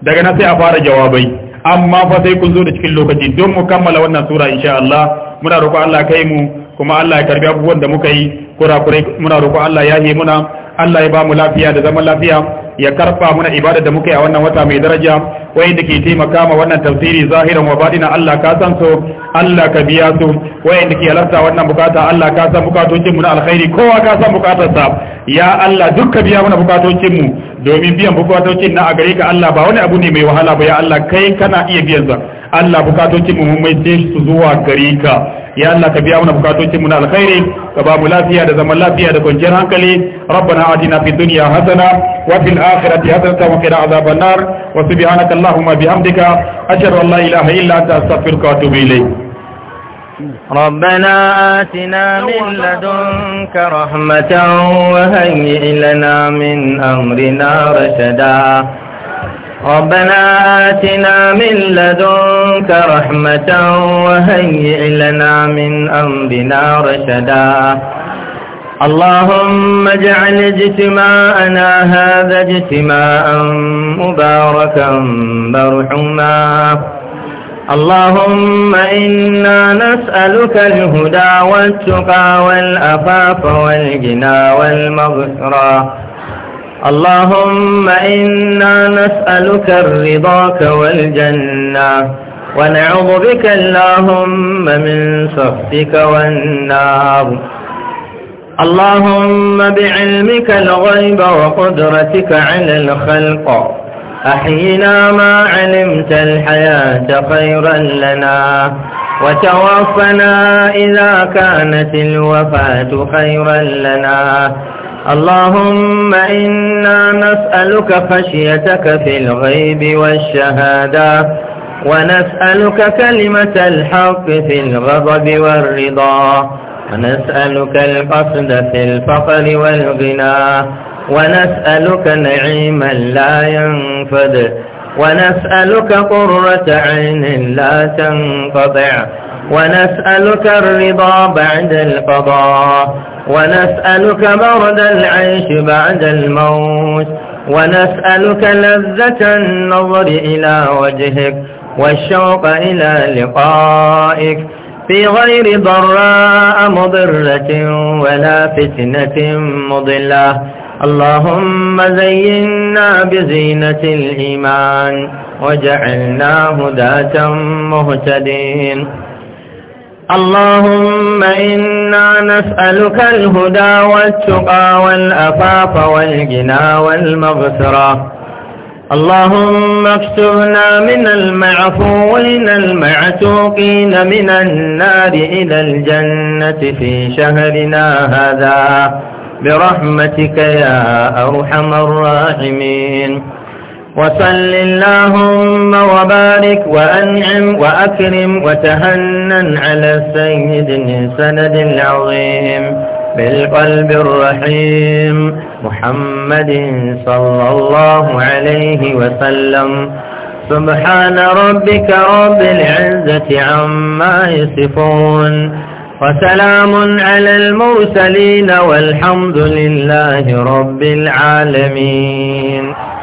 daga nan sai a fara jawabai amma fa sai kun zo da cikin lokaci don mu kammala wannan sura insha Allah muna roƙo Allah kai mu kuma Allah ya karbi abubuwan da muka yi kurakurai muna roƙo Allah ya yi muna Allah ya ba mu lafiya da zaman lafiya ya karfa mana ibada da muke a wannan wata mai daraja da ke taimaka ma wannan tafsiri zahiran wa badina Allah ka san so Allah ka biya su da ke halarta wannan bukata Allah ka san bukatocin mu na alkhairi kowa ka san bukatarsa ya Allah duk ka biya mana bukatocin mu domin biyan bukatocin na a gare ka Allah ba wani abu ne mai wahala ba ya Allah kai kana iya biyan sa Allah bukatocin mu mun mai su zuwa gare ka ya Allah ka biya mana bukatocin mu na alkhairi ka ba mu lafiya da zaman lafiya da kwanciyar hankali rabbana atina fid dunya hasana wa fil akhirati hasanatan wa qina adhaban nar wa subhanaka allahumma bihamdika ashhadu an la ilaha illa anta astaghfiruka wa atubu ilayk ربنا آتنا من لدنك رحمة وهيئ لنا من أمرنا رشدا ربنا آتنا من لدنك رحمة وهيئ لنا من أمرنا رشدا اللهم اجعل اجتماعنا هذا اجتماعا مباركا برحما اللهم إنا نسألك الهدى والتقى والأفاف والجنى والمغفرة اللهم إنا نسألك الرضاك والجنة ونعوذ بك اللهم من سخطك والنار اللهم بعلمك الغيب وقدرتك على الخلق أحينا ما علمت الحياة خيرا لنا وتوفنا إذا كانت الوفاة خيرا لنا اللهم إنا نسألك خشيتك في الغيب والشهادة ونسألك كلمة الحق في الغضب والرضا ونسألك القصد في الفقر والغنى ونسألك نعيما لا ينفد ونسألك قرة عين لا تنقطع ونسألك الرضا بعد القضاء ونسألك برد العيش بعد الموت ونسألك لذة النظر إلى وجهك والشوق إلى لقائك في غير ضراء مضرة ولا فتنة مضلة اللهم زينا بزينة الإيمان وجعلنا هداة مهتدين اللهم إنا نسألك الهدى والتقى والأفاف والجنى والمغفرة اللهم اكتبنا من المعفوين المعتوقين من النار إلى الجنة في شهرنا هذا برحمتك يا أرحم الراحمين وصل اللهم وبارك وأنعم وأكرم وتهنن على السيد سند العظيم بالقلب الرحيم محمد صلى الله عليه وسلم سبحان ربك رب العزة عما يصفون وسلام على المرسلين والحمد لله رب العالمين